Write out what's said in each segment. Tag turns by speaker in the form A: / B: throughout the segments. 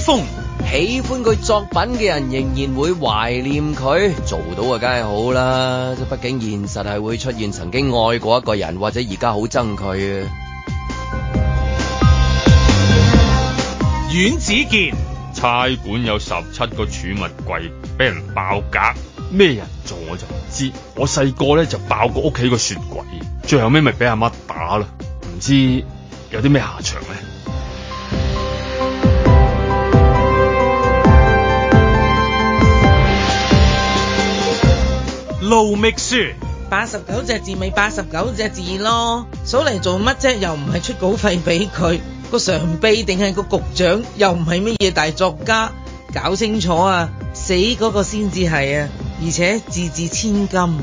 A: 喜歡佢作品嘅人仍然會懷念佢，做到啊，梗係好啦。畢竟現實係會出現曾經愛過一個人，或者而家好憎佢
B: 啊。阮子健，差館有十七個儲物櫃俾人爆格，咩人做我就唔知。我細個咧就爆過屋企個雪櫃，最後尾咪俾阿媽打啦。唔知有啲咩下場咧？
C: 路秘書，八十九隻字，咪八十九隻字咯，數嚟做乜啫？又唔係出稿費俾佢，個常秘定係個局長，又唔係乜嘢大作家，搞清楚啊！死嗰個先至係啊！而且字字千金，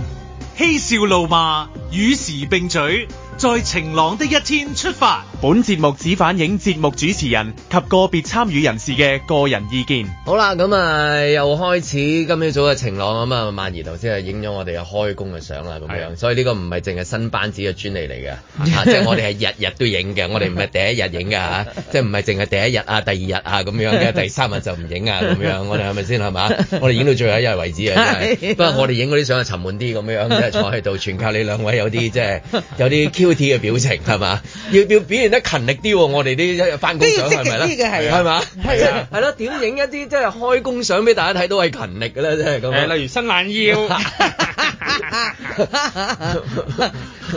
D: 嬉笑怒罵，與時並舉。在晴朗的一天出發。本
A: 節目只反映節目主持人及個別參與人士嘅個人意見。好啦，咁、嗯、咪又開始。今朝早嘅晴朗咁啊、嗯，萬儀頭先係影咗我哋嘅開工嘅相啦，咁樣。的所以呢個唔係淨係新班子嘅專利嚟嘅、 啊，即係我哋係日日都影嘅，我哋唔係第一日影㗎嚇， 即係唔係淨係第一日啊、第二日啊咁樣嘅，第三日就唔影啊咁樣。我哋係咪先係嘛？ 我哋影到最後一日為止啊！ 不過我哋影嗰啲相係沉悶啲咁樣，即係坐喺度，全靠你兩位有啲即係有啲 Q 嘅表情係嘛？要要表現得勤力啲喎，我哋啲翻工相，係咪啦？係嘅啊，係嘛？係啊，係咯，點影一啲即係開工相俾大家睇都係勤力嘅咧，即係咁誒，例如伸懶腰。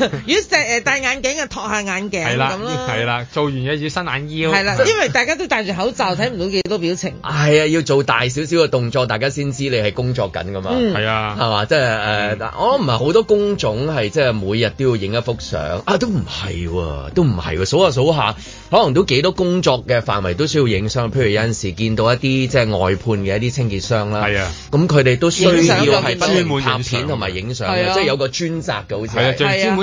C: 要戴誒戴眼鏡啊，托下眼鏡咁咯，係
B: 啦，做完嘢要伸眼腰，
A: 係啦，因為
C: 大家都戴住口罩，睇唔到幾多表情。係
B: 啊，要做大
A: 少少嘅動作，大家先知你係工作緊㗎嘛，係啊，係嘛，即係誒，我唔係好多工種係即係每日都要影一幅相，啊，都唔係喎，都唔係喎，數下數下，可能都幾多工作嘅範圍都需要影相，譬如有陣時見到一啲即係外判嘅一啲清潔商啦，係啊，咁佢哋都需要係分拍片同埋影相即係有個專責嘅，好似係啊，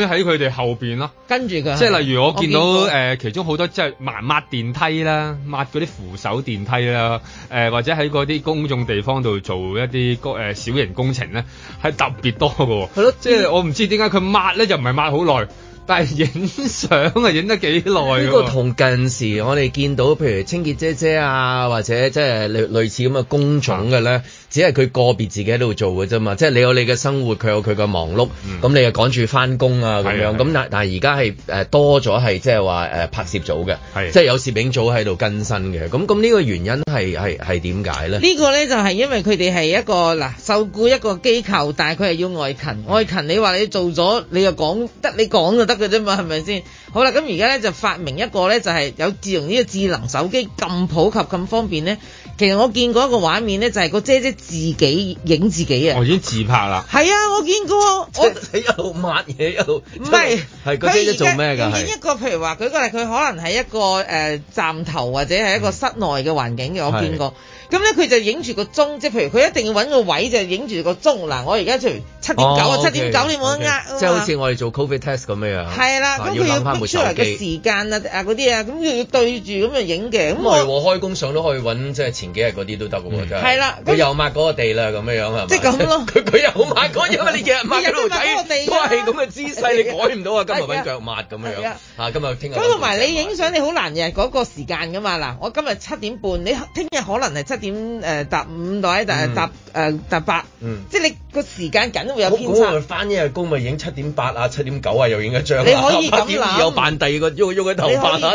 B: 喺佢哋後邊咯，
A: 跟住嘅，即係例如我見到誒、呃、
B: 其中好多即係盲抹電梯啦，抹嗰啲扶手電梯啦，誒、呃、或者喺嗰啲公眾地方度做一啲誒小型工程咧，係特別多嘅。係咯的，即係我唔知點解佢抹咧又唔係抹好耐，但係影相啊影得幾耐？呢個同
A: 近時我哋見到譬如清潔姐姐啊，或者即係類類似咁嘅工種嘅咧。嗯只係佢個別自己喺度做嘅啫嘛，即係你有你嘅生活，佢有佢嘅忙碌，咁、嗯、你又趕住翻工啊咁樣。咁是但但而家係誒多咗係即係話誒拍攝組嘅，是是即係有攝影組喺度更新嘅。咁咁呢個原因係係係點解呢？呢
C: 個呢就係、是、因為佢哋係一個嗱受雇一個機構，但係佢係要外勤，外勤你話你做咗你又講得你講就得嘅啫嘛，係咪先？好啦，咁而家呢就發明一個呢，就係、是、有自從呢個智能手機咁普及咁方便呢。其實我見過一個畫面呢，就係、是、個姐姐，姐。自己影自己啊！我已經自拍啦。係啊，我見過。佢又我 抹嘢又，唔係。係佢一做咩㗎？影一個譬如話，佢個係佢可能係一個誒、呃、站頭或者係一個室內嘅環境嘅，我見過。咁咧佢就影住個鐘，即係譬如佢一定要搵個位就影住個鐘嗱。我而家就。七點九啊！七點九，你冇得呃即係好似
A: 我哋做 covid test 咁樣啊！係啦，咁佢要逼出嚟嘅時
C: 間啊嗰啲啊，咁要對住咁樣影嘅。咁
A: 我開工相都可以揾，即係前幾日嗰啲都得嘅喎，真係。係啦，佢又抹嗰個地啦，咁樣樣即咁咯。佢佢又抹嗰，因為你日日抹都係咁嘅姿勢，你改唔到啊！今日揾腳抹咁樣樣嚇，今日聽日。咁同埋
C: 你影相你好難嘅嗰個時間㗎嘛？嗱，我今日七點半，你聽日可能係七點誒搭五袋，搭誒搭八，即係你個時間緊。好，咁我咪翻
A: 一日工咪影七點八啊，七點九啊，又影一張。你可以咁話，拍啲又扮第二個喐喐個頭髮啊，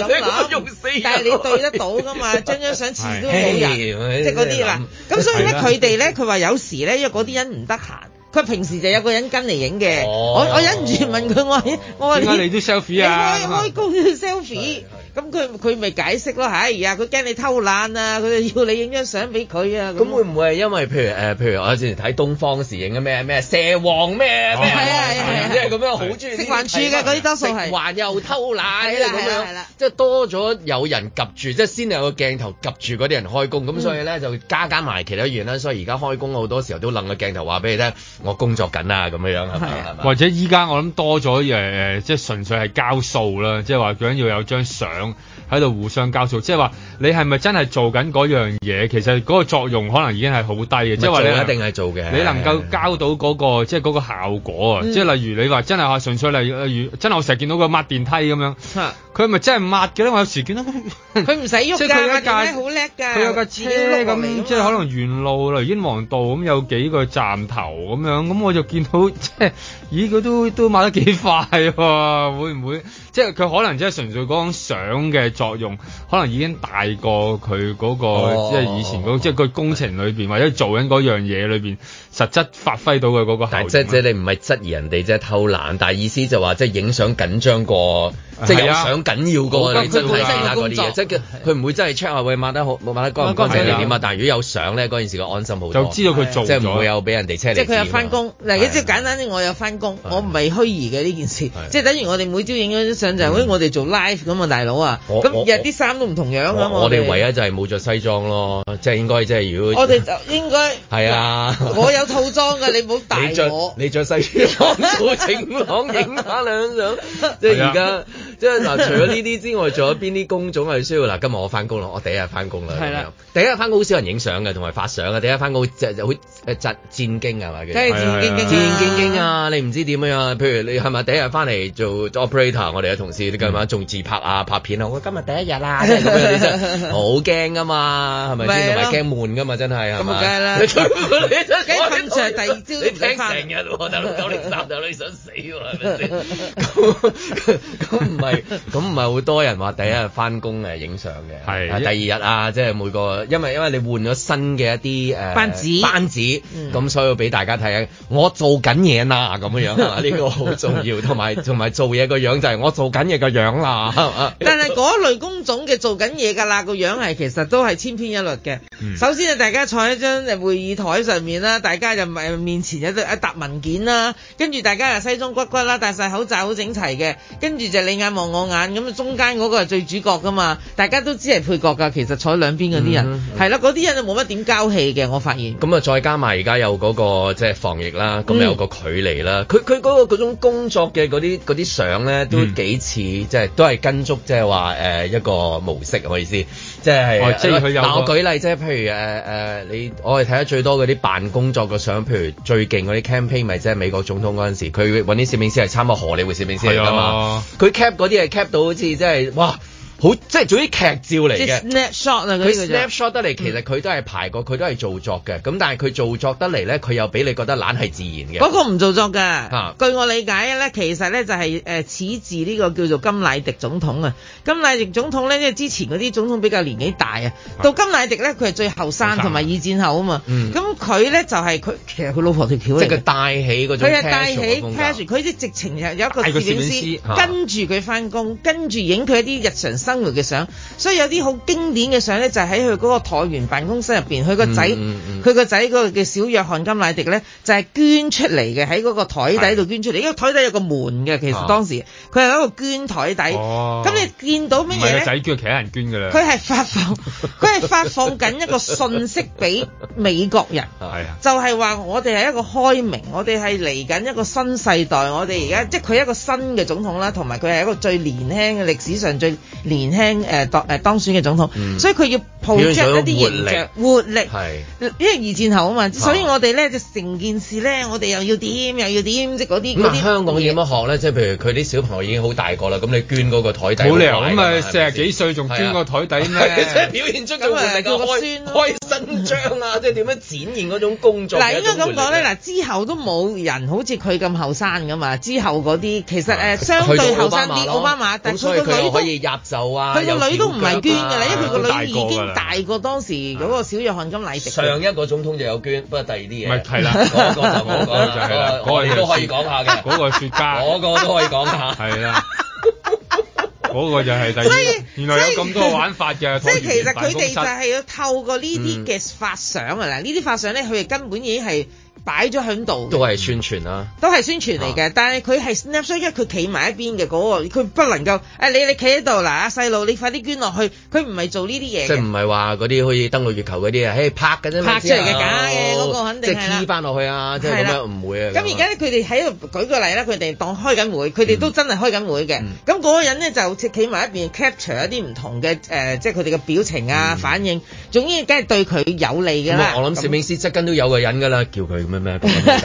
A: 喐死，但係你對得
C: 到㗎嘛，張張相次都冇，即係嗰啲啦。咁所以咧，佢哋咧，佢話有時咧，因為嗰啲人唔得閒，佢平時就有個人跟嚟影嘅。我我忍唔住問佢，我我話你開 selfie 啊，你開開工 selfie。咁佢佢咪解釋咯。係呀，佢驚你偷懶啊！佢要你影張相俾佢啊！咁會
A: 唔會係因為譬如誒譬如我之前睇東方時影嘅咩咩蛇王咩咩？即係咁樣好中
C: 意食環處嘅嗰啲多數係，環又偷懶，即係咁樣，即係
A: 多咗有人及住，即係先有個鏡頭及住嗰啲人開工，咁所以咧就加加埋其他嘢啦。所以而家開工好多時候都擸個鏡頭話俾你聽，
B: 我工作緊啊咁樣樣，或者依家我諗多咗誒誒，即係純粹係交數啦，即係話最緊要有張相。喺度互相交數，即係話你係咪真係做緊嗰樣嘢？其實嗰個作用可能已經係好低嘅，即係話你一定係
A: 做嘅。你能夠
B: 交到嗰、那個是的 即係嗰個效果啊？即係、嗯就是就是、例如你話真係話純粹例如真係我成日見到佢抹電梯咁樣，佢咪、嗯、真係抹嘅咧？我 有時見到佢，唔使喐。即係佢有架好叻㗎，佢有架車咁，即係樣可能沿路啦、英皇道咁有幾個站頭咁樣，咁我就見到即係，咦佢都都抹得幾快喎？會唔會？即係佢可能即係純粹講相嘅作用，可能已經大過佢嗰個即係以前嗰即係佢工程裏邊或者做緊嗰樣嘢裏邊實質發揮到嘅嗰個。即係即你唔係質疑人哋即係偷懶，但係意思就話即係影相緊張過，即係有相緊要過，
A: 即佢唔會真係 check 下抹得好，抹得乾唔乾淨點啊？但係如果有相咧，嗰陣時就安心好，就知道佢做即係唔會有俾人哋 c 即係佢有翻工嗱，即
C: 簡單啲，我有翻工，我唔係虛擬嘅呢件事，即係等於我哋每朝影咗誒我哋做 live 咁啊，大佬啊，咁日啲衫都唔同樣啊！我我哋唯一
A: 就係冇着西裝咯，即係應該即係如果我哋
C: 就應該
A: 係 是啊！我有
C: 套裝噶，你唔好大我 你。
A: 你着西裝，我井巷影
C: 下兩張，即係而家。
A: 嗱， 除咗呢啲之外，仲有邊啲工種係需要嗱？今日我翻工啦，我第一日翻工啦。係啦的，第一日翻工好少人影相嘅，同埋發相嘅。第一日翻工即係好誒，震戰驚係嘛？即係戰經 戰戰戰兢兢啊！你唔知點樣，啊？譬如你係咪第一日翻嚟做 operator？我哋嘅同事你今晚仲自拍啊、拍片啊？我
D: 今日第一日啊，
A: 好驚㗎嘛，係咪先？同埋驚悶㗎嘛，真係係咪？咁梗係啦，跟住 第二朝都唔翻。 你成日，大
C: 佬九零三大佬
A: 想死喎，係咪先？咁唔係。咁唔係好多人話第一日翻工誒影相嘅，係第二日啊，即係每個，因為因為你換咗新嘅一啲誒班子班子，咁所以俾大家睇下。我做緊嘢啦，咁樣啊，呢 個好重要，同埋同埋做嘢個樣就係我做緊嘢個樣啦， 但
C: 係嗰類工種嘅做緊嘢㗎啦，個樣係其實都係千篇一律嘅。嗯、首先啊，大家坐喺張誒會議台上面啦，大家就係面前一沓文件啦，跟住大家又西裝骨骨啦，戴曬口罩好整齊嘅，跟住就你眼望我眼咁，中間嗰個係最主角㗎嘛，大家都只係配角㗎。其實坐兩邊嗰啲人係啦，嗰啲、嗯、人就冇乜點交戲
A: 嘅。我發現，咁啊、嗯，再加埋而家有嗰個即係防疫啦，咁有個距離啦。佢佢嗰個嗰種工作嘅嗰啲嗰啲相咧，都幾似即係都係跟足即係話誒一個模式，可意思。即係、哦，即係佢有。我舉例即係譬如誒誒、呃呃，你我哋睇得最多嗰啲辦工作嘅相，譬如最勁嗰啲 campaign，咪即係美國總統嗰陣時，佢揾啲攝影師嚟參加荷里活攝影師嚟㗎嘛，佢 cap 嗰啲係 cap 到好似即係哇！
C: 好即係做啲劇照嚟嘅，佢 snapshot
A: 得嚟，其實佢都係排過，佢都係做作嘅。咁但係佢做作得嚟咧，佢又俾你覺得懶係自然嘅。
C: 嗰個唔做作㗎，據我理解咧，其實咧就係誒始自呢個叫做甘迺迪總統啊。甘迺迪總統咧，因為之前嗰啲總統比較年紀大啊，到甘迺迪咧，佢係最後生同埋二戰後啊嘛。咁佢咧就係佢其實佢老婆條橋，即係帶起嗰種，其實帶起 passion，佢即直情有有一個攝影師跟住佢返工，跟住影佢一啲日常生活嘅相，所以有啲好經典嘅相咧，就喺佢嗰個橢圓辦公室入邊。佢個仔，佢個仔嗰個叫小約翰甘迺迪咧，就係捐出嚟嘅，喺嗰個台底度捐出嚟。因為台底有個門嘅，其實當時佢係一個捐台底。咁你見到咩嘢咧？佢個仔叫其他人捐噶啦。佢係發放，佢係發放緊一個信息俾美國人，就係話我哋係一個開明，我哋係嚟緊一個新世代，我哋而家即係佢一個新嘅總統啦，同埋佢係一個最年輕嘅歷史上最。年輕誒當誒當選嘅總統，所以佢要抱著一啲活力，活力係因為二戰後啊嘛，所以我哋咧就成件事咧，我哋又要點又要點即嗰啲香港
A: 點樣學咧？即係譬如佢啲小朋友已經好大個啦，咁你捐嗰個台底。冇理由，咁啊，四十幾
B: 歲仲捐個台
A: 底即表現出咁嘅嘅開開新章啊！即係點樣展現嗰種工作？嗱，應該咁講咧，嗱
C: 之後都冇人好似佢咁後生噶嘛。之後嗰啲其實誒相對後生啲奧巴馬，但佢都可以
A: 入手。佢個女都唔係捐嘅啦，因為佢個女已經大
C: 過當時嗰個小約翰甘迺迪。上一個
A: 總統就有捐，不過第二啲嘢。唔係係啦，嗰個就係啦，嗰 個都我可以講下嘅，嗰個雪茄，嗰個都可以講下。
B: 係啦，嗰個就係
A: 第二，
C: 原來有咁多玩法嘅。即係其實佢哋就係要透過呢啲嘅發相啊，嗱、嗯，呢啲發相咧，佢哋根本已經係。擺咗喺度，都係宣傳啊，都係宣傳嚟嘅。但係佢係 snapshot 因為佢企埋一邊嘅嗰個，佢不能夠誒你你企喺度嗱，細路你快啲捐落去。佢唔係做呢啲嘢嘅，
A: 唔係話嗰啲可以登到月球嗰啲啊，誒拍嘅啫，拍出嚟嘅假嘅嗰個肯定係。即係 key
C: 翻落去啊，即係咁樣
A: 唔會啊。咁而家
C: 佢哋喺度舉個例啦，佢哋當開緊會，佢哋都真係開緊會嘅。咁嗰個人咧就企埋一邊，capture 一啲唔同嘅誒，即係佢哋嘅表情啊、反應。總之梗係對佢有利嘅啦。我諗攝
A: 影師側跟都有個人㗎啦，叫佢。樣樣點咩咩？咁啊，細節先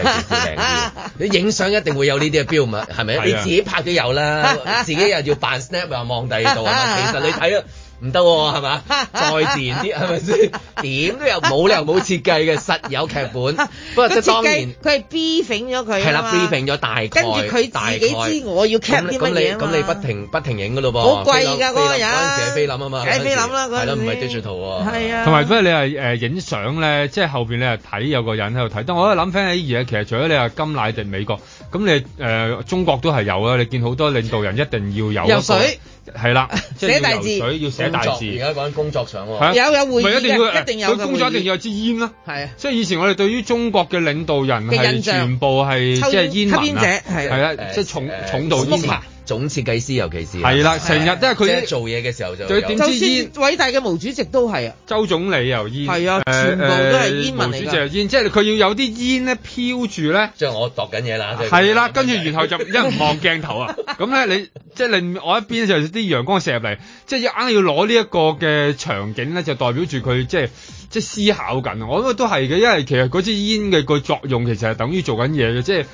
A: 靚啲。你影相一定會有呢啲嘅標嘛，係咪？你自己拍都有啦， 自己又要扮 snap 又望第二度啊嘛。 其實你睇啊～唔得喎，係嘛？再自然啲係咪先？點都有冇理由冇設計嘅，實有劇本。不過即係當然，
C: 佢係 briefing 咗佢係啦，briefing 咗
A: 大概，大概。跟住佢自己知我
C: 要 cap 啲乜嘢。咁咁你咁你
A: 不停不停影噶咯噃？好貴㗎嗰個人啊！自己諗啊嘛，自己諗啦。係啦，唔係 digital 喎。
C: 係啊。同埋
B: 不過你係誒影相咧，即係後邊你係睇有個人喺度睇。但係我喺度諗翻起而家，其實除咗你話金乃迪美國，咁你誒中國都係有啦。你見好多領導人一定要有。入水。係啦，寫大字要寫大字。而家
A: 講工作上喎，係啊， 有有會議會議，一定有佢工作一定要有支煙啦。
B: 係啊， 的即係以前我哋對於中國嘅領導人係全部係，即係吸煙者，係啊， 的 的即係重 重,重度煙民。總設計師尤其是，係啦，成日都係佢
A: 做嘢嘅時候
C: 就，就算偉大嘅毛主席都係啊，
B: 周總理又煙，係啊，全部都係煙民嚟㗎。毛主席又煙，即係佢要有啲煙咧飄住咧，即係我度緊嘢啦，係啦，跟住然後就一望鏡頭啊，咁咧你即係另外一邊就啲陽光射入嚟，即係要硬要攞呢一個嘅場景咧，就代表住佢即係即係思考緊。我覺得都係嘅，因為其實嗰支煙嘅個作用其實係等於做緊嘢嘅，即係。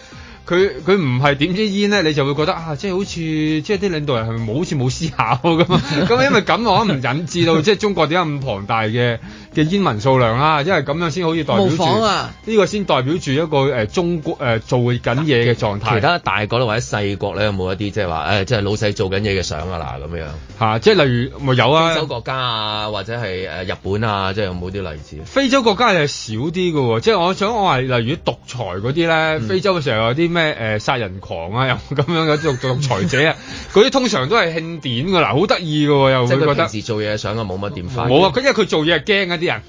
B: 佢佢唔係點知煙咧，你就會覺得啊，即係好似即係啲領導人係咪冇好似冇思考咁，咁 因為咁我唔引致到 即係中國點解咁龐大嘅？嘅英文數量啦，因為咁樣先可以
A: 代表住呢
B: 個先代表住一個誒、呃、中國誒、呃、做緊嘢嘅狀態。其他大
A: 國或者細國咧有冇一啲即係話誒即係老細做緊嘢嘅相啊嗱咁樣嚇、啊，即係例如咪有啊非洲國家啊或者係誒、呃、日本啊，即係有冇啲例子？
B: 非洲國家係少啲㗎喎，即係我想我係例如啲獨裁嗰啲咧，嗯、非洲嘅成日有啲咩誒殺人狂啊又咁樣嘅獨、嗯、裁者啊，嗰啲 通常都係慶典㗎喇，好得意㗎喎又會覺得。即係佢平時做嘢嘅相啊，冇乜點發。冇啊，佢因為佢做嘢係驚啊人，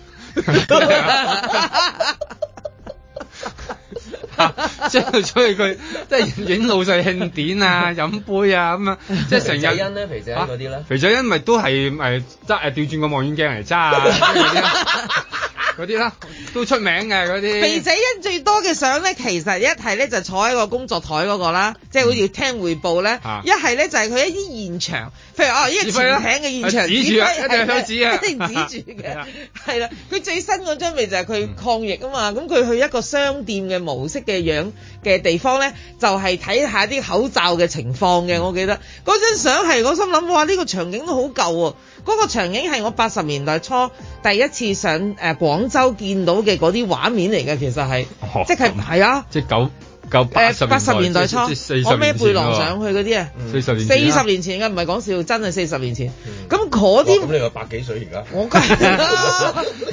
B: 即係、 啊，所以佢即係影老細慶典啊、飲杯啊咁樣，即係成日。肥
A: 仔欣咧，肥仔啲咧，
B: 肥仔欣咪都係誒揸誒掉轉個望遠鏡嚟揸啊！ 嗰啲啦，都出名嘅嗰啲。肥仔
C: 恩最多嘅相咧，其實一係咧就坐喺個工作台嗰、嗰個啦，即係好似聽彙報咧。啊、是是一係咧就係佢一啲現場，譬、啊、如哦一個長嘅現場指住，一定指啊，一,一定指住嘅。係啦、啊，佢最新嗰張咪就係佢抗疫啊嘛。咁佢、嗯、去一個商店嘅模式嘅樣嘅地方咧，就係睇下啲口罩嘅情況嘅。我記得嗰張相係我心諗哇，呢、呢個場景都好舊喎、啊。嗰個場景係我八十年代初第一次上誒廣州見到嘅嗰啲畫面嚟嘅，其實係即係係啊，即
B: 九九八誒八十年代初，我孭背囊上去
C: 嗰啲啊，四十年前四十年前嘅，唔係講笑，真係四十年前。咁嗰
B: 啲你話百幾歲而家？我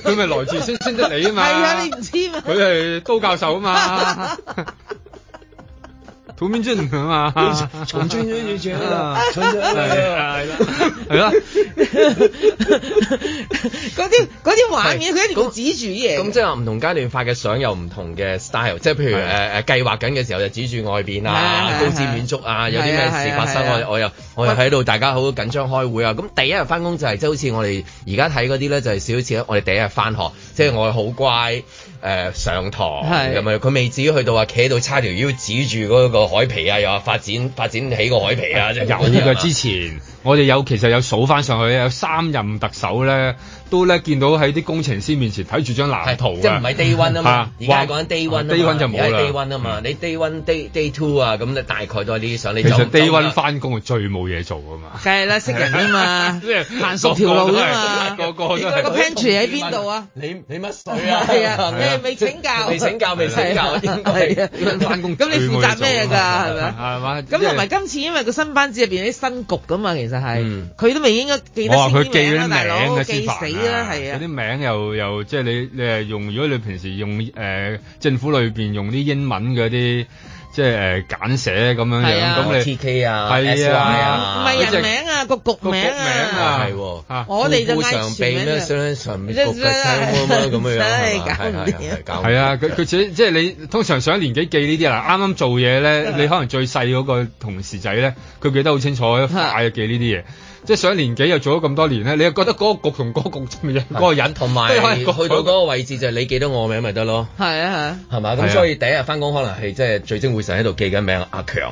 B: 佢咪來自星星的你啊嘛？係啊，你唔
C: 知嘛？佢係高教授啊嘛？
B: 土名尊係嘛？長江源係啦。
C: 係咯，嗰啲啲畫面，佢一定指住啲嘢。咁即係話唔同
A: 階段發嘅相有唔同嘅 style，即係譬如誒誒計劃緊嘅時候就指住外邊啊，高瞻遠矚啊，有啲咩事發生，我又我又喺度大家好緊張開會啊。咁第一日翻工就係即係好似我哋而家睇嗰啲咧，就係少少似我哋第一日翻學，即係我好乖誒上堂，係咁佢未至於去到話企喺度叉條腰指住嗰個海皮啊，又話發展發展起個海皮啊。有呢個之
B: 前。我哋有其實有數翻上去，有三任特首咧，都咧見到喺啲工程師面前睇住張藍圖㗎。即唔係 day one 啊嘛？而家講緊 day one day one 就冇啦。而家 day one
A: 啊嘛，你 day one day two 啊，咁咧大
B: 概都係呢啲上。其實 day one 翻工係最冇嘢做㗎嘛。
C: 係啦，識人啊嘛，識人行熟條路啊嘛。個個點解個 pantry 喺邊度啊？
A: 你你乜水啊？係啊，你
C: 未請教？未請教未請教？翻工咁你負責咩㗎？係咪啊？係嘛？咁同埋今次因為個新班子入邊啲新局㗎嘛，其實。就係、是、佢、嗯、都未應該記得啲、哦、名啦，大佬記死啦，係啊！有啲
B: 名又又即係你你係用，如果你平時用誒、呃、政府裏邊用啲英文嘅啲。即係誒，簡寫咁樣樣，咁你 T K 啊，係啊，唔係人名
C: 啊，個局
D: 名啊，係喎吓，
C: 我哋就嗌上面，上面局嘅 team 咁樣
B: 樣，係啊，佢佢自己即係你通常上年紀記呢啲啦，啱啱做嘢咧，你可能最細嗰個同事仔咧，佢記得好清楚，嗌佢記呢啲嘢。即係上年幾又做咗咁多年咧，你又覺得嗰個局同嗰個局，即係嗰個人，同埋、
A: 那個、去到嗰個位置 就係你記得我名咪得咯？
C: 係 啊係，
A: 係嘛、啊？咁所以第一日翻工可能係即係聚精會神喺度記緊名阿強。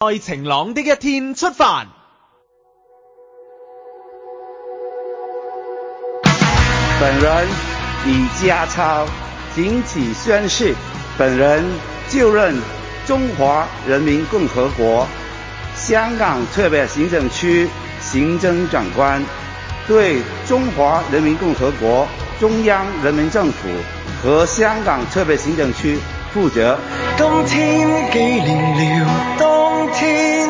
C: 在
B: 晴朗的一天出發。
A: 本人李家超，謹此宣誓，本人就任中華人民共和國香港特別行政區行政長官，對中華人民共和國中央人民政府和香港特別行政區負責。今天紀念了當天，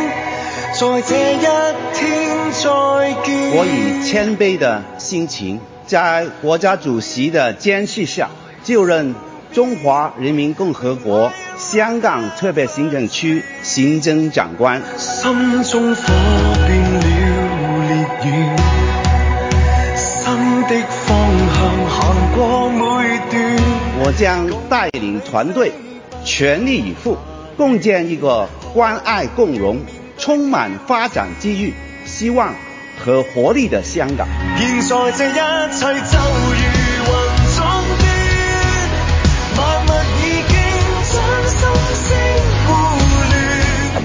A: 在這一天再見。我以謙卑的心情，在國家主席的監視下，就任中華人民共和國香港特別行政區行政長官。心中火遍了烈焰，新的方向行過每段。我將帶領團隊。全力以赴，共建一個關愛共融、充滿發展機遇、希望和活力的香港。現
D: 在這一切。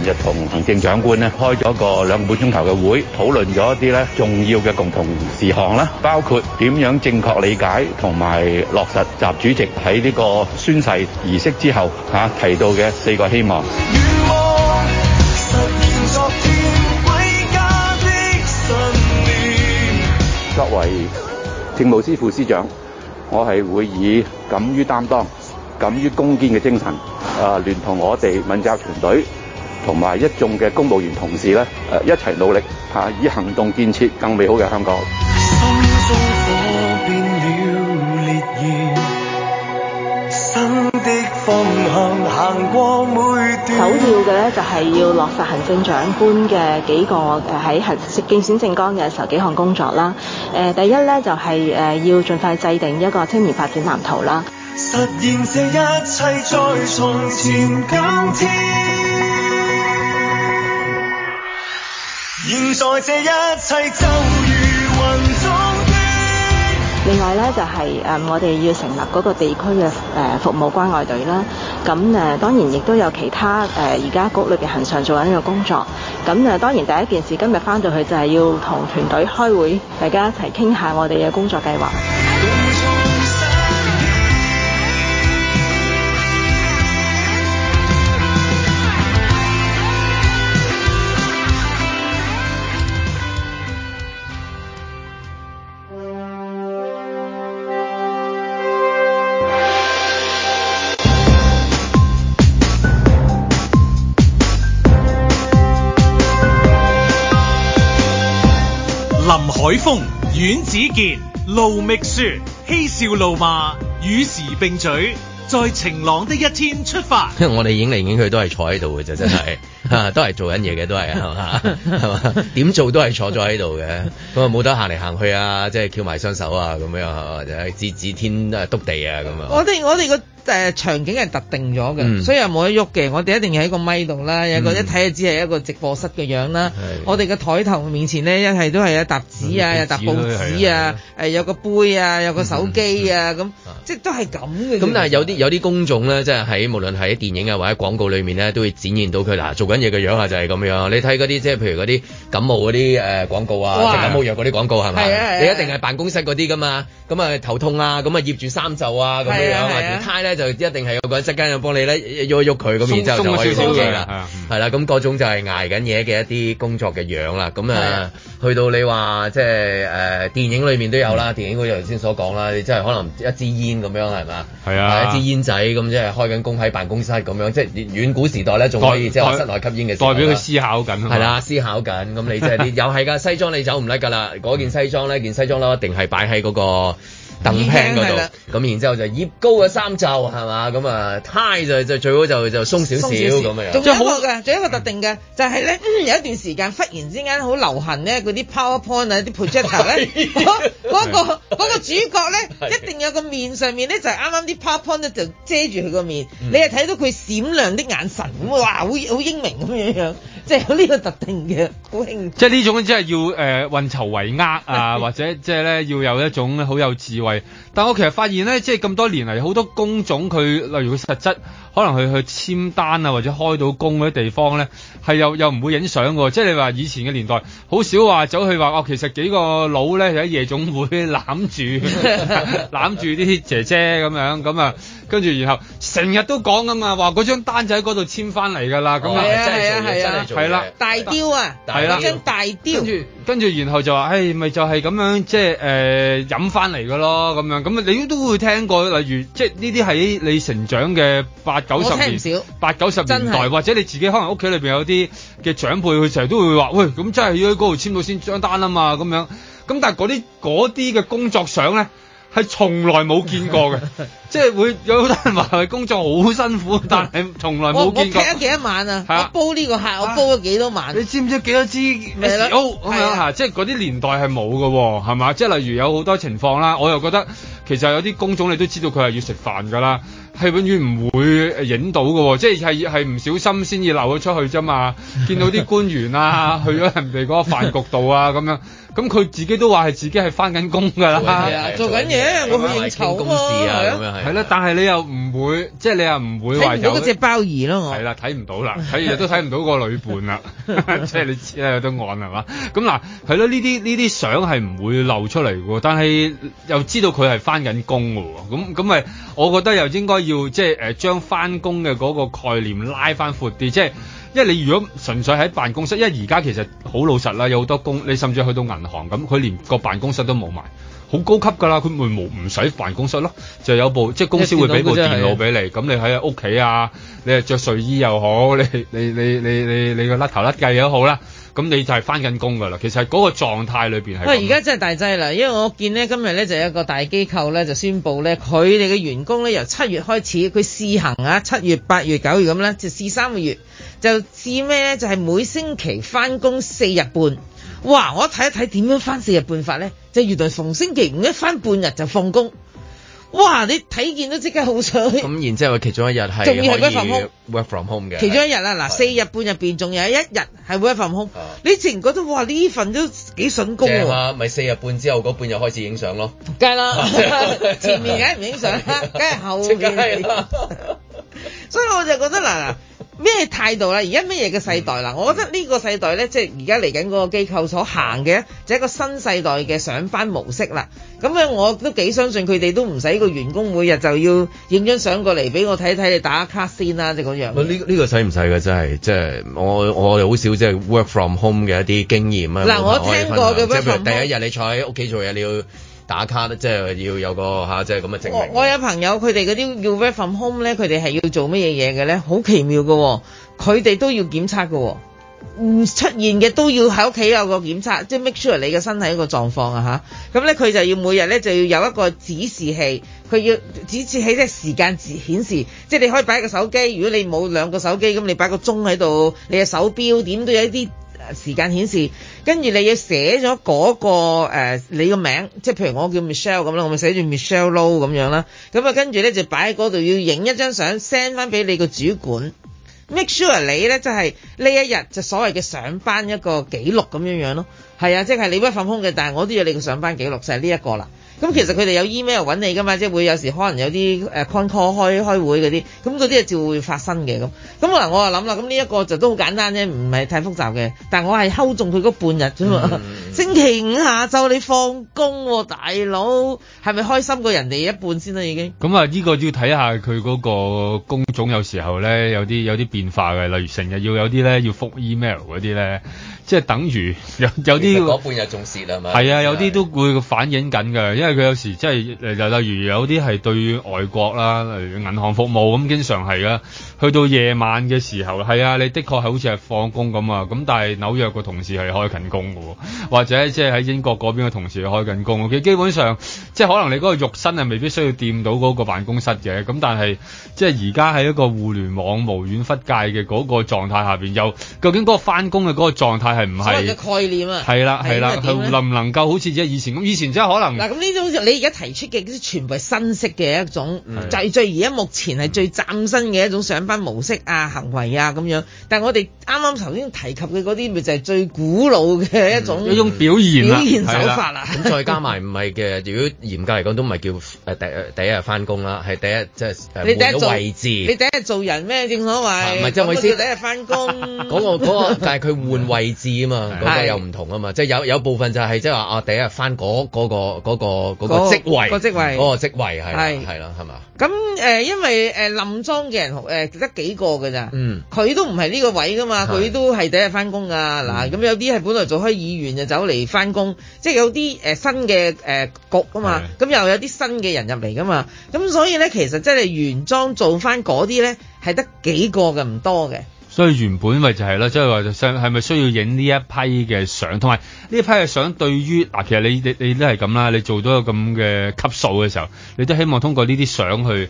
B: 就同行政長官咧開咗個兩個半鐘頭嘅會，討論咗一啲咧重要嘅共同事項啦，包括點樣正確理解同埋落實習主席喺呢個宣誓儀式之後嚇提到嘅四個希望。作為政務司副司長，我係會以敢於擔當、敢於攻堅嘅精神啊，聯同我哋問責團隊。同埋一眾嘅公務員同事咧，誒一齊努力嚇、啊，以行動建設更美好嘅香港。心中火變了
D: 烈焰，新嘅方向行過每段，首要嘅咧就係要落實行政長官嘅幾個誒喺行競選政綱嘅時候幾項工作啦。誒、呃、第一咧就係、是、誒要盡快制定一個青年發展藍圖啦。實現這
A: 一切再從前今天。
D: 現在這一切就如雲中。另外呢，就係、是、誒、嗯、我哋要成立嗰個地區嘅誒、呃、服務關愛隊啦，咁誒當然亦都有其他誒而家局裏邊恆常做緊嘅工作，咁誒當然第一件事今日翻到去就係要同團隊開會，大家一齊傾下我哋嘅工作計劃。海峰、阮子健、盧覓雪嬉笑怒罵與時並舉，在晴朗的一天出發。
A: 我哋影嚟影去都係坐喺度嘅，就真係都係做緊嘢嘅，都係係嘛，點 做都係坐咗喺度嘅。咁啊冇得行嚟行去啊，即係翹埋雙手啊咁樣，啊，就係指指天啊篤地啊咁啊。我
C: 哋我哋個。誒場景係特定咗嘅，所以又冇得喐嘅。我哋一定喺個咪度啦，有個一睇只係一個直播室嘅樣啦。我哋嘅枱頭面前呢，一係都係一沓紙啊，有沓報紙啊，誒有個杯啊，有個手機啊，咁即係都係咁嘅。咁但係有啲有啲工
A: 種咧，即係喺無論喺電影啊或者廣告裏面咧，都會展現到佢嗱做緊嘢嘅樣啊，就係咁樣。你睇嗰啲即係譬如嗰啲感冒嗰啲誒廣告啊，感冒藥嗰啲廣告係咪？你一定係辦公室嗰啲㗎嘛？咁啊頭痛啊，咁啊攬住衫袖啊咁樣啊，就一定係有個質監人幫你咧，喐一喐佢，咁然之後就可以 OK 啦，係啦，咁各種就係捱緊嘢嘅一啲工作嘅樣啦。咁啊，去到你話即係誒電影裏面都有啦，電影好似頭先所講啦，你真係可能一支煙咁樣啦，係嘛？係啊，一支煙仔咁即係開緊工喺辦公室咁樣，即係遠古時代咧仲可以即係室內吸煙嘅時候代表佢思考緊，係啦，思考緊，咁你即係啲有係噶西裝你走唔甩噶啦，嗰件西裝呢，件西裝褸一定係擺喺嗰個。凳平嗰度，咁然之後就葉高嘅三罩，係嘛，咁啊呔就就最好就就鬆少少咁樣樣。仲有一個嘅，
C: 仲有一個特定嘅就係咧，有一段時間忽然之間好流行咧，嗰啲 PowerPoint 啊，啲 projector 咧，嗰嗰個主角咧，一定有個面上面咧就啱啱啲 PowerPoint 咧就遮住佢個面，你係睇到佢閃亮的眼神，咁哇好好英明咁樣樣。即係呢個特定嘅，
B: 好興。即係呢種，即係要誒運籌帷幄啊， 或者即係咧要有一種好有智慧。但我其實發現咧，即係咁多年嚟，好多工種佢例如佢實質可能佢去簽單啊，或者開到工嗰啲地方咧，係又又唔會影相喎。即係你話以前嘅年代，好少話走去話哦，其實幾個佬咧喺夜總會攬住攬住啲姐姐咁樣咁啊。跟住然後成日都講吖嘛，話嗰張單就喺嗰度簽翻嚟㗎啦，咁啊係係啊係啊係啦，
C: 大雕、嗯、啊，嗰張大雕。
B: 跟住，然後就話，唉、哎，咪就係咁樣，即係誒飲翻嚟㗎咯，咁樣咁啊，你都會聽過，例如即係呢啲喺你成長嘅八九十年八九十年代，的或者你自己可能屋企裏邊有啲嘅長輩，佢成日都會話，喂，咁真係要喺嗰度簽到先張單啊嘛，咁樣，咁但係嗰啲嗰啲嘅工作相咧。係從來冇見過嘅，即係會有好多人話工作好辛苦，但係從來冇見過。我我劈咗幾
C: 多晚啊！啊我煲呢個客，啊、我煲咗幾多晚？你知唔知幾多支、CO? S O 咁樣
B: 吓？即係嗰啲年代係冇㗎喎，係嘛？即係例如有好多情況啦，我又覺得其實有啲工種你都知道佢係要食飯㗎啦，係永遠唔會影到㗎喎，即係係係唔小心先至漏咗出去啫嘛。見到啲官員啊，去咗人哋嗰個飯局度啊，咁樣。咁佢、嗯、自己都話係自己係翻緊工㗎啦，做緊嘢、啊啊，
D: 我去應酬公事喎、啊，
B: 係咯，但係你又唔會，即係你又唔會話有嗰隻鮑魚咯，係啦，睇唔到啦，睇日都睇唔到個女伴啦，即係 你一日都按係嘛？咁嗱，係咯，呢啲呢啲相係唔會漏出嚟嘅，但係又知道佢係翻緊工嘅喎，咁咁咪我覺得又應該要即係誒將翻工嘅嗰個概念拉翻闊啲，即、就、係、係。因為你如果純粹喺辦公室，因為而家其實好老實啦，有好多工，你甚至去到銀行咁，佢連個辦公室都冇埋，好高級㗎啦，佢冇唔使辦公室咯，就有部即係公司會俾部電腦俾你，咁你喺屋企啊，你係着睡衣又好，你你你你你你個甩頭甩計又好啦。咁你就係翻緊工㗎啦，其實嗰個狀態裏邊係。喂，而
C: 家真係大劑啦，因為我見呢今日呢，就有一個大機構呢，就宣布呢，佢哋嘅員工呢，由七月開始，佢試行啊，七月、八月、九月咁呢，就試三個月，就試咩呢？就係每星期翻工四日半。哇！我睇一睇點樣翻四日半法呢？就原來逢星期五一翻半日就放工。哇！你睇見都即刻好想咁，然之後其中一日係仲要可以
A: work from home 嘅，其中
C: 一日啦，嗱是四日半入邊仲有一日係 work from home。嗯、你自然覺得哇，呢份都幾筍工嘅正
A: 咪、就是、四日半之後嗰半日開始影相咯。
C: 梗係啦， 前面梗係唔影相啦，梗係 後面。 所以我就覺得嗱嗱。 咩態度啦？而家咩嘢嘅世代啦？我覺得呢個世代咧，即係而家嚟緊嗰個機構所行嘅，就係一個新世代嘅上班模式啦。咁樣，我都幾相信佢哋都唔使個員工每日就要影張相過嚟俾我睇睇，你打卡先啦，即係嗰樣。
A: 呢呢個使唔使嘅？真係，即係我我好少即係 work from home 嘅一啲經驗啊。嗱，我聽過嘅第一日你坐喺屋企做嘢，你要打卡咧，即係要有個，嚇、啊，即係咁嘅證明。
C: 我，我有朋友，佢哋嗰啲要 work from home 咧，佢哋係要做乜嘢嘢嘅咧？好奇妙嘅喎、哦，佢哋都要檢測嘅喎，唔、嗯、出現嘅都要喺屋企有個檢測，即係 make sure 你嘅身體一個狀況啊吓，咁咧佢就要每日咧就要有一個指示器，佢要指示器即係時間顯示，即係你可以擺個手機。如果你冇兩個手機咁，你擺個鐘喺度，你嘅手錶點都有一啲。時間顯示，跟住你要寫咗嗰個誒、呃、你個名，即係譬如我叫 Michelle 咁啦，我咪寫住 Michelle Low 咁樣啦。咁啊，跟住咧就擺喺嗰度，要影一張相 send 翻俾你個主管，make sure 你咧即係呢、就係、一日就所謂嘅上班一個記錄咁樣樣咯。係啊，即係你不放空嘅，但係我都要你嘅上班記錄就係呢一個啦。咁其實佢哋有 email 揾你噶嘛，即係會有時可能有啲誒 con call 開開會嗰啲，咁嗰啲啊照會發生嘅咁。咁可能我就諗啦，咁呢一個就都好簡單啫，唔係太複雜嘅。但我係 hold 中佢嗰半日啫嘛。嗯、星期五下晝你放工喎，大佬，係咪開心過人哋一半先啦已經？
B: 咁啊，呢個要睇下佢嗰個工種，有時候咧有啲有啲變化嘅，例如成日要有啲咧要覆 email 嗰啲咧。 即係等於有有啲嗰
A: 半日仲蝕啦嘛，係啊，有啲
B: 都會反映緊嘅，因為佢有時即係，例如有啲係對於外國啦，例如銀行服務，咁，經常係啊，去到夜晚嘅時候，係啊，你的確係好似係放工咁啊。咁但係紐約個同事係開勤工嘅，或者即係喺英國嗰邊嘅同事開緊工。基本上即係可能你嗰個肉身係未必需要掂到嗰個辦公室嘅。咁但係即係而家喺一個互聯網無遠弗屆嘅嗰個狀態下邊又究竟嗰個翻工嘅嗰個狀態？係唔係？個
C: 概念啊，係啦係啦，佢能
B: 唔能夠好似即係以前咁？以前真係可能嗱
C: 咁呢種，你而家提出嘅全部係新式嘅一種製作，最而家目前係最嶄新嘅一種上班模式啊、行為啊咁樣。但係我哋啱啱頭先提及嘅嗰啲，咪就係最古老嘅一種一種表現表現手法啦。咁再加埋
A: 唔係嘅，如果嚴格嚟講，都唔係叫誒第誒第一日翻工啦，係第一即係誒換個位置，你第
C: 一日做人咩？正所謂唔係即係我意思，第一日翻工嗰個嗰個，
A: 但係佢換位置。啊嘛，覺得的有唔同啊嘛，即係有有部分就係即係話啊，第一日翻嗰嗰個嗰、嗰個嗰、嗰個嗰個職位，個職位，嗰個職位係係啦，係嘛？
C: 咁誒的、呃，因為誒臨裝嘅人誒得幾個㗎咋，嗯，佢都唔係呢個位㗎嘛，佢的都係第一日翻工啊嗱，咁、嗯、有啲係本來做開議員就走嚟翻工，嗯、即係有啲誒新嘅誒局啊嘛，咁的又有啲新嘅人入嚟㗎嘛，咁所以咧其實即係原裝做翻嗰啲咧係得幾個嘅，唔多嘅。
B: 所以原本咪就係咯，即係話就係咪需要影呢一批嘅相，同埋呢一批嘅相對於嗱、啊，其實你你你都係咁啦，你做咗個咁嘅級數嘅時候，你都希望通過呢啲相去。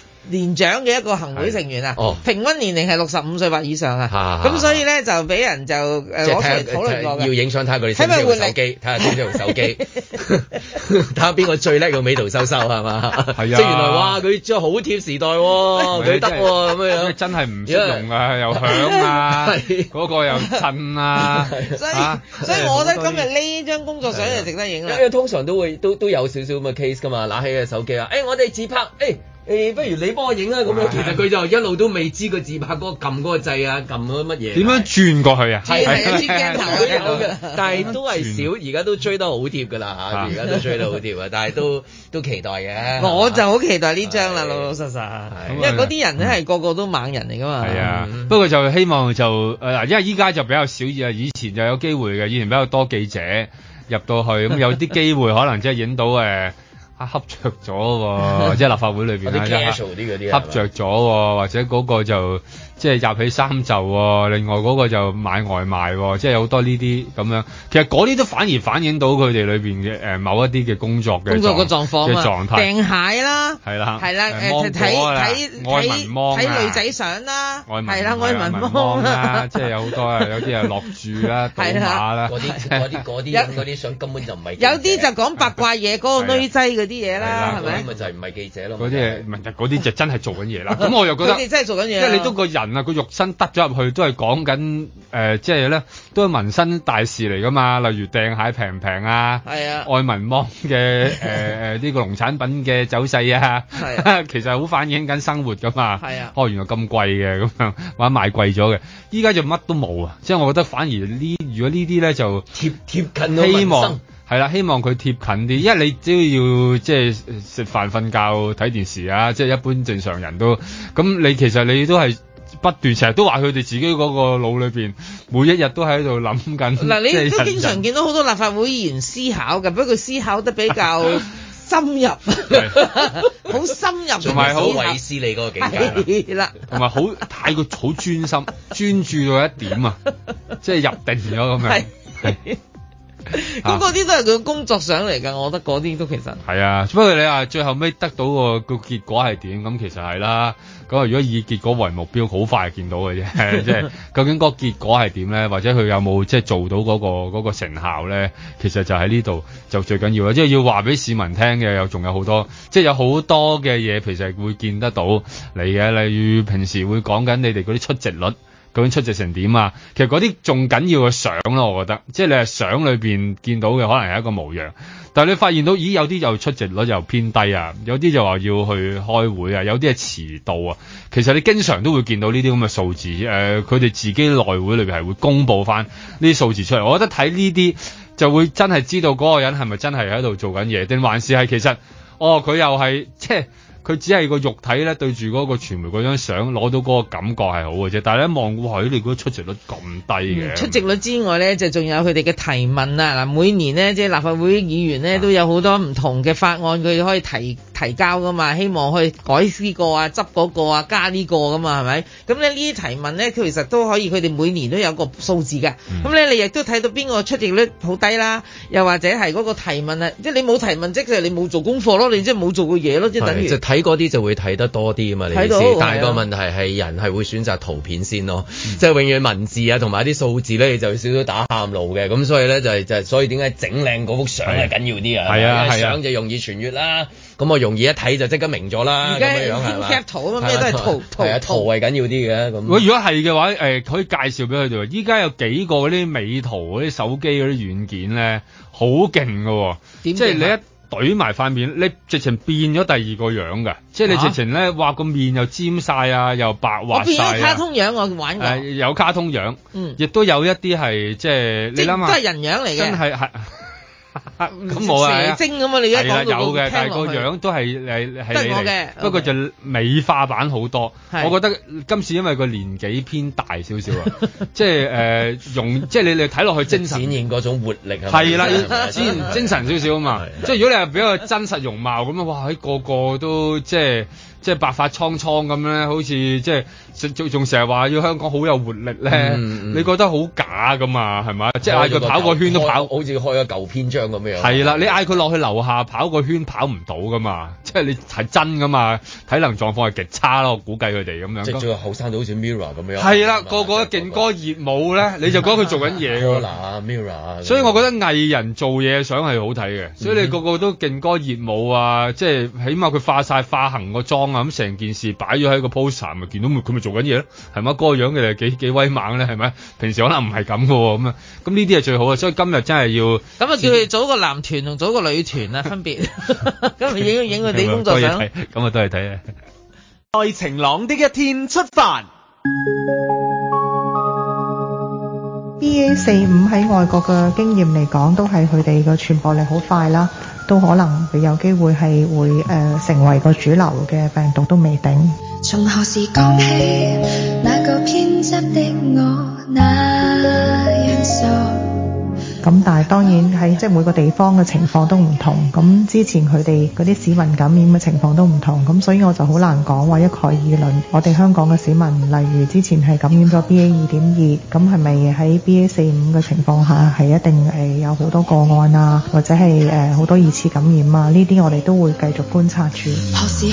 C: 年長嘅一個行會成員啊，平均年齡係六十五歲或以上啊。咁所以咧就俾人就誒攞出嚟討論過要
A: 影相睇下佢哋使唔使用手機？睇下邊用手機，睇下邊個最叻用美圖秀秀係嘛？即係原來哇，佢真係好貼時代喎，佢得喎
B: 咁樣真係唔識用啊，又響啊，嗰個又震啊。
A: 所以所以，我覺得
C: 今日呢張工作相係值得影啊。因為通常都會
A: 都都有少少咁嘅 case 㗎嘛，拿起隻手機啊，誒我哋自拍誒。誒，不如你幫我影啦咁樣，其實佢就一路都未知個自拍個撳嗰個掣啊，撳嗰乜嘢？點樣
B: 轉過去啊？係係有啲鏡
A: 頭都有嘅，但係都係少，而家都追得好貼噶啦嚇，而家都追得
C: 好貼啊！但係都都期待嘅，我就好期待呢張啦，老老實實，因為嗰啲人咧係個個都猛人嚟噶嘛。係啊，
B: 不過就希望就誒嗱，因為依家就比較少，啊以前就有機會嘅，以前比較多記者入到去，咁有啲機會可能真係影到誒。恰着咗喎，啊啊、 即係立法會裏邊啲啦，恰着咗喎，啊、 或者嗰個就。即係入起衫袖喎，另外嗰個就買外賣喎，即係有好多呢啲咁樣，其實嗰啲都反而反映到佢哋裏邊嘅誒某一啲嘅工作嘅工作嘅狀況嘅狀態，訂
C: 蟹啦，係
B: 啦，係啦，誒睇睇睇睇女仔
C: 相啦，
B: 係啦，愛文魔啦，即係有好多啊，有啲係落注啦，賭馬啦，嗰啲嗰啲嗰啲影
C: 嗰啲相根本就唔係，有啲就講八卦嘢嗰個女仔嗰啲嘢啦，係咪？
B: 咁咪就唔係記者咯，嗰啲誒唔係嗰啲就真係做緊嘢啦，咁我又覺得，佢哋
C: 真係做緊嘢，因為你都個
B: 人。嗱，個肉身得咗入去都係講緊，誒、呃，即係咧都係民生大事嚟噶嘛。例如掟蟹平唔平啊？係啊。愛民望嘅誒誒呢個農產品嘅走勢啊，係、啊、其實好反映緊生活噶嘛。係啊，哦原來咁貴嘅咁樣或者買貴咗嘅，依家就乜都冇啊。即、就、係、是、我覺得反而呢，如果呢啲咧就貼貼近希望，係啦、啊，希望佢貼近啲，因為你都要即係食飯瞓覺睇電視啊，即、就、係、是、一般正常人都咁。你其實你都係。不斷成日都話佢哋自己嗰個腦裏邊，每一日都喺度諗緊。嗱， 你都經常見
C: 到好多立法會議員思考嘅，不過佢思考得比較深入，好 深入。同埋好惠斯利嗰個境界啦，
B: 同埋好太過好專心、 專注到一點啊，即係入定咗咁樣。
C: 對 嗰啲 那、啊、都係佢工作上嚟㗎，我覺得嗰啲都其實
B: 係啊。不過你話最後尾得到個個結果係點？咁其實係啦。咁如果以結果為目標，好快就見到嘅啫。即 係、就是、究竟嗰個結果係點咧？或者佢有冇即係做到嗰、嗰個嗰個成效咧？其實就喺呢度就最緊要啦。即係要話俾市民聽嘅，又仲有好多，即係有好多嘅嘢其實會見得到嚟嘅。例如平時會講緊你哋嗰啲出席率。究竟出席成點啊？其實嗰啲仲緊要嘅相咯，我覺得，即係你係相裏邊見到嘅，可能係一個模樣。但係你發現到，咦？有啲又出席率又偏低啊，有啲就話要去開會啊，有啲係遲到啊。其實你經常都會見到呢啲咁嘅數字，誒、呃，佢哋自己內會裏邊係會公布翻呢啲數字出嚟。我覺得睇呢啲就會真係知道嗰個人係咪真係喺度做緊嘢，定還是係其實哦佢又係即係。 佢只係個肉體咧對住嗰個傳媒嗰張相攞到嗰個感覺係好嘅啫，但係咧望過去你個出席率咁低嘅出
C: 席率之外咧，就仲有佢哋嘅提問啊嗱，每年咧即係立法會議員咧都有好多唔同嘅法案，佢哋可以提。提交噶嘛，希望去改呢個啊、執嗰個啊、加個啊呢個噶嘛，係咪？咁咧呢啲提問咧，佢其實都可以佢哋每年都有個數字嘅。咁咧，你亦都睇到邊個出席率好低啦，又或者係嗰個提問啊，即係你冇提問，即係你冇做功課咯，你即係冇做過嘢咯，即係等於。就
A: 睇嗰啲就會睇得多啲啊嘛，你睇到大係個問題係人係會選擇圖片先咯，即係、嗯、永遠文字啊同埋啲數字咧，你就少少打喊露嘅。咁所以咧就係就係，所以、就係、所以點解整靚嗰幅相係緊要啲啊？係啊，係相就容易傳閱啦。對 answer 咁我容易一睇就即刻明咗啦，而
C: 家編
A: 圖咩吧都係圖圖，係啊，圖係緊要啲嘅咁。如果
B: 如係嘅話，誒、呃、可以介紹俾佢哋。依家有幾個嗰啲美圖嗰啲手機嗰啲軟件咧，好勁嘅喎，樣即係你一懟埋塊面，你直情變咗第二個樣㗎，啊、即係你直情咧，哇個面又尖晒啊，又白滑。我變咗卡
C: 通樣，我玩過、
B: 呃。有卡通樣，亦、嗯、都有一啲係即係，諗下，都係人
C: 樣嚟嘅，真係 咁冇啊，嗯、蛇精咁嘛。你一講，係啦有嘅，但係個樣
B: 都係，誒係，你嘅，不過就美化版好多。的我覺得今次因為個年紀偏大少少啊，即係誒容，即係你哋睇落去精神， 展現嗰種活力啊，係啦的，展的精神少少啊嘛。即係如果你係比較真實容貌咁啊，哇！個個都即係。即係白髮蒼蒼咁咧，好似即係仲成日話要香港好有活力咧，mm hmm. 你覺得好假噶嘛？係嘛？是是的即係嗌佢跑個圈都跑，
A: 好似開咗舊篇章咁樣，係啦，
B: 你嗌佢落去樓下跑個圈跑唔到噶嘛？即係你係真噶嘛？體能狀況係極差咯，我估計佢哋咁樣，即係後生到好似 MIRROR 咁樣，係啦的，啊、個個勁歌熱舞咧，啊、你就講佢做緊嘢咯。嗱 MIRROR，所以我覺得藝人做嘢相係好睇嘅，嗯、所以你個個都勁歌熱舞啊！即、就、係、是、起碼佢化晒化行個妝。咁成件事擺咗喺個 post，咪見到佢咪做緊嘢咯？係咪啊？嗰個樣嘅幾幾威猛咧？係咪？平時可能唔係咁嘅咁啊！咁呢啲係最好嘅。所以今日真係要
C: 咁啊！叫佢組一個男團同組一個女團啦，分別咁影影佢哋工作相。
B: 咁啊，都係睇
C: 啊！在 晴朗的一天出發。
D: B A 四五喺外國嘅經驗嚟講，都係佢哋嘅傳播力好快啦。都可能佢有機會係會誒、呃、成為個主流嘅病毒都未定。從何時講起，那那個偏執的我那樣咁但係當然喺即係每個地方嘅情況都唔同，咁之前佢哋嗰啲市民感染嘅情況都唔同，咁所以我就好難講話一概而論。我哋香港嘅市民，例如之前係感染咗 B A 二點二，咁係咪喺 B A 四五嘅情況下係一定係有好多個案啊，或者係誒好多二次感染啊？呢啲我哋都會繼續觀察住。何時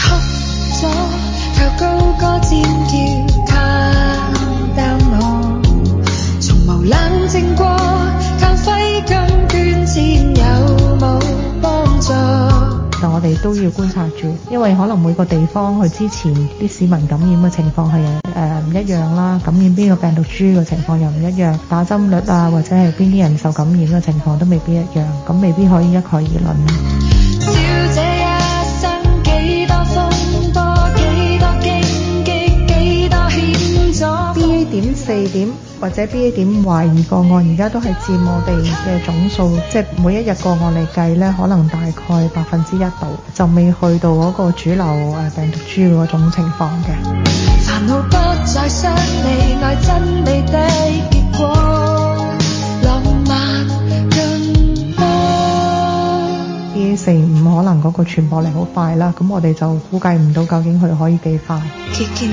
D: 就我哋都要觀察住，因為可能每個地方去之前啲市民感染嘅情況係唔一樣啦，感染邊個病毒株嘅情況又唔一樣，打針率啊或者係邊啲人受感染嘅情況都未必一樣，咁未必可以一概而論。啊、B A 點四點。或者 B A 點懷疑個案，而家都係佔我哋嘅總數，即係每一日個案嚟計咧，可能大概百分之一度，就未去到嗰個主流誒病毒株嗰種情況嘅。煩惱不再未來真未的結果，浪漫更多，B A 四五可能嗰個傳播力好快啦，咁我哋就估計唔到究竟佢可以幾快。結結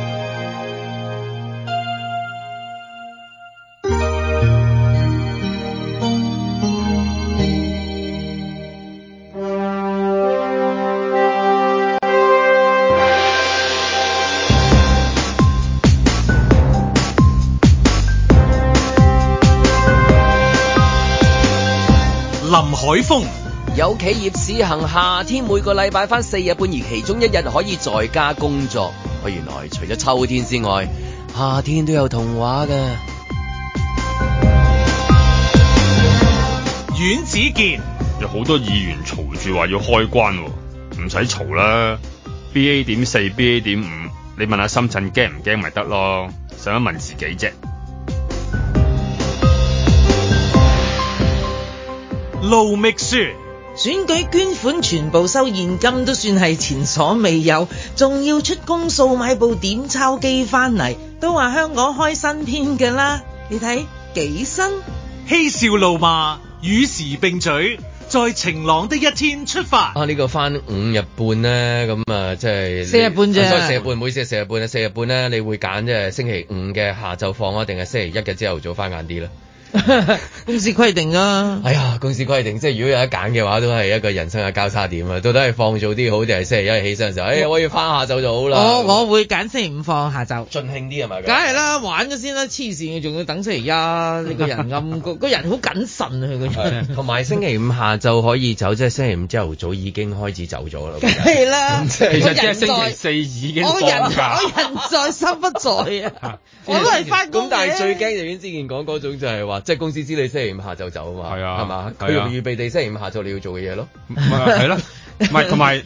A: 有企業試行夏天每個禮拜返四日半，而其中一日可以在家工作。原來除咗秋天之外，夏天都有童話嘅。
B: 阮子健，有好多議員嘈住話要開關喎，唔使嘈啦。B A 點四，B A 點五，你問下深圳驚唔驚咪得咯？想一問自己啫。
D: 盧覓雪。
C: 選舉捐款全部收現金都算係前所未有，仲要出公數買部點鈔機翻嚟，都話香港開新篇噶啦！你睇幾新？嬉笑怒
A: 罵與時並舉，在晴朗的一天出發。啊，呢、這個翻五日半呢，咁啊即係四日半啫，所、啊、四日半唔好意思，四日半啊，四日半咧，你會揀即係星期五嘅下晝放啊，定係星期一嘅朝頭早翻晏啲咧？
C: 公司規定啊！
A: 哎呀，公司規定，即係如果有得揀嘅話，都係一個人生嘅交叉點啊！到底係放早啲好定係星期一起身嘅時候，哎呀，我要翻下晝就好啦。我我
C: 會揀星期五放下晝，盡興
A: 啲係咪？梗係
C: 啦，玩咗先啦，黐線嘅，仲要等星期一呢個人咁，個人好謹慎啊佢個人。
A: 同埋星期五下晝可以走，即係星期五朝頭早已經開始走咗啦。
C: 係啦，其實即係星期
A: 四已經放假。我人我
C: 人在心不在啊，我都係翻工咁但係最
A: 驚就係之前講嗰種就係話。即係公司知你星期五下晝
B: 走啊嘛，係啊，係嘛？
D: 佢
A: 預
B: 備地星期五下晝你要做嘅嘢咯，唔係，係同埋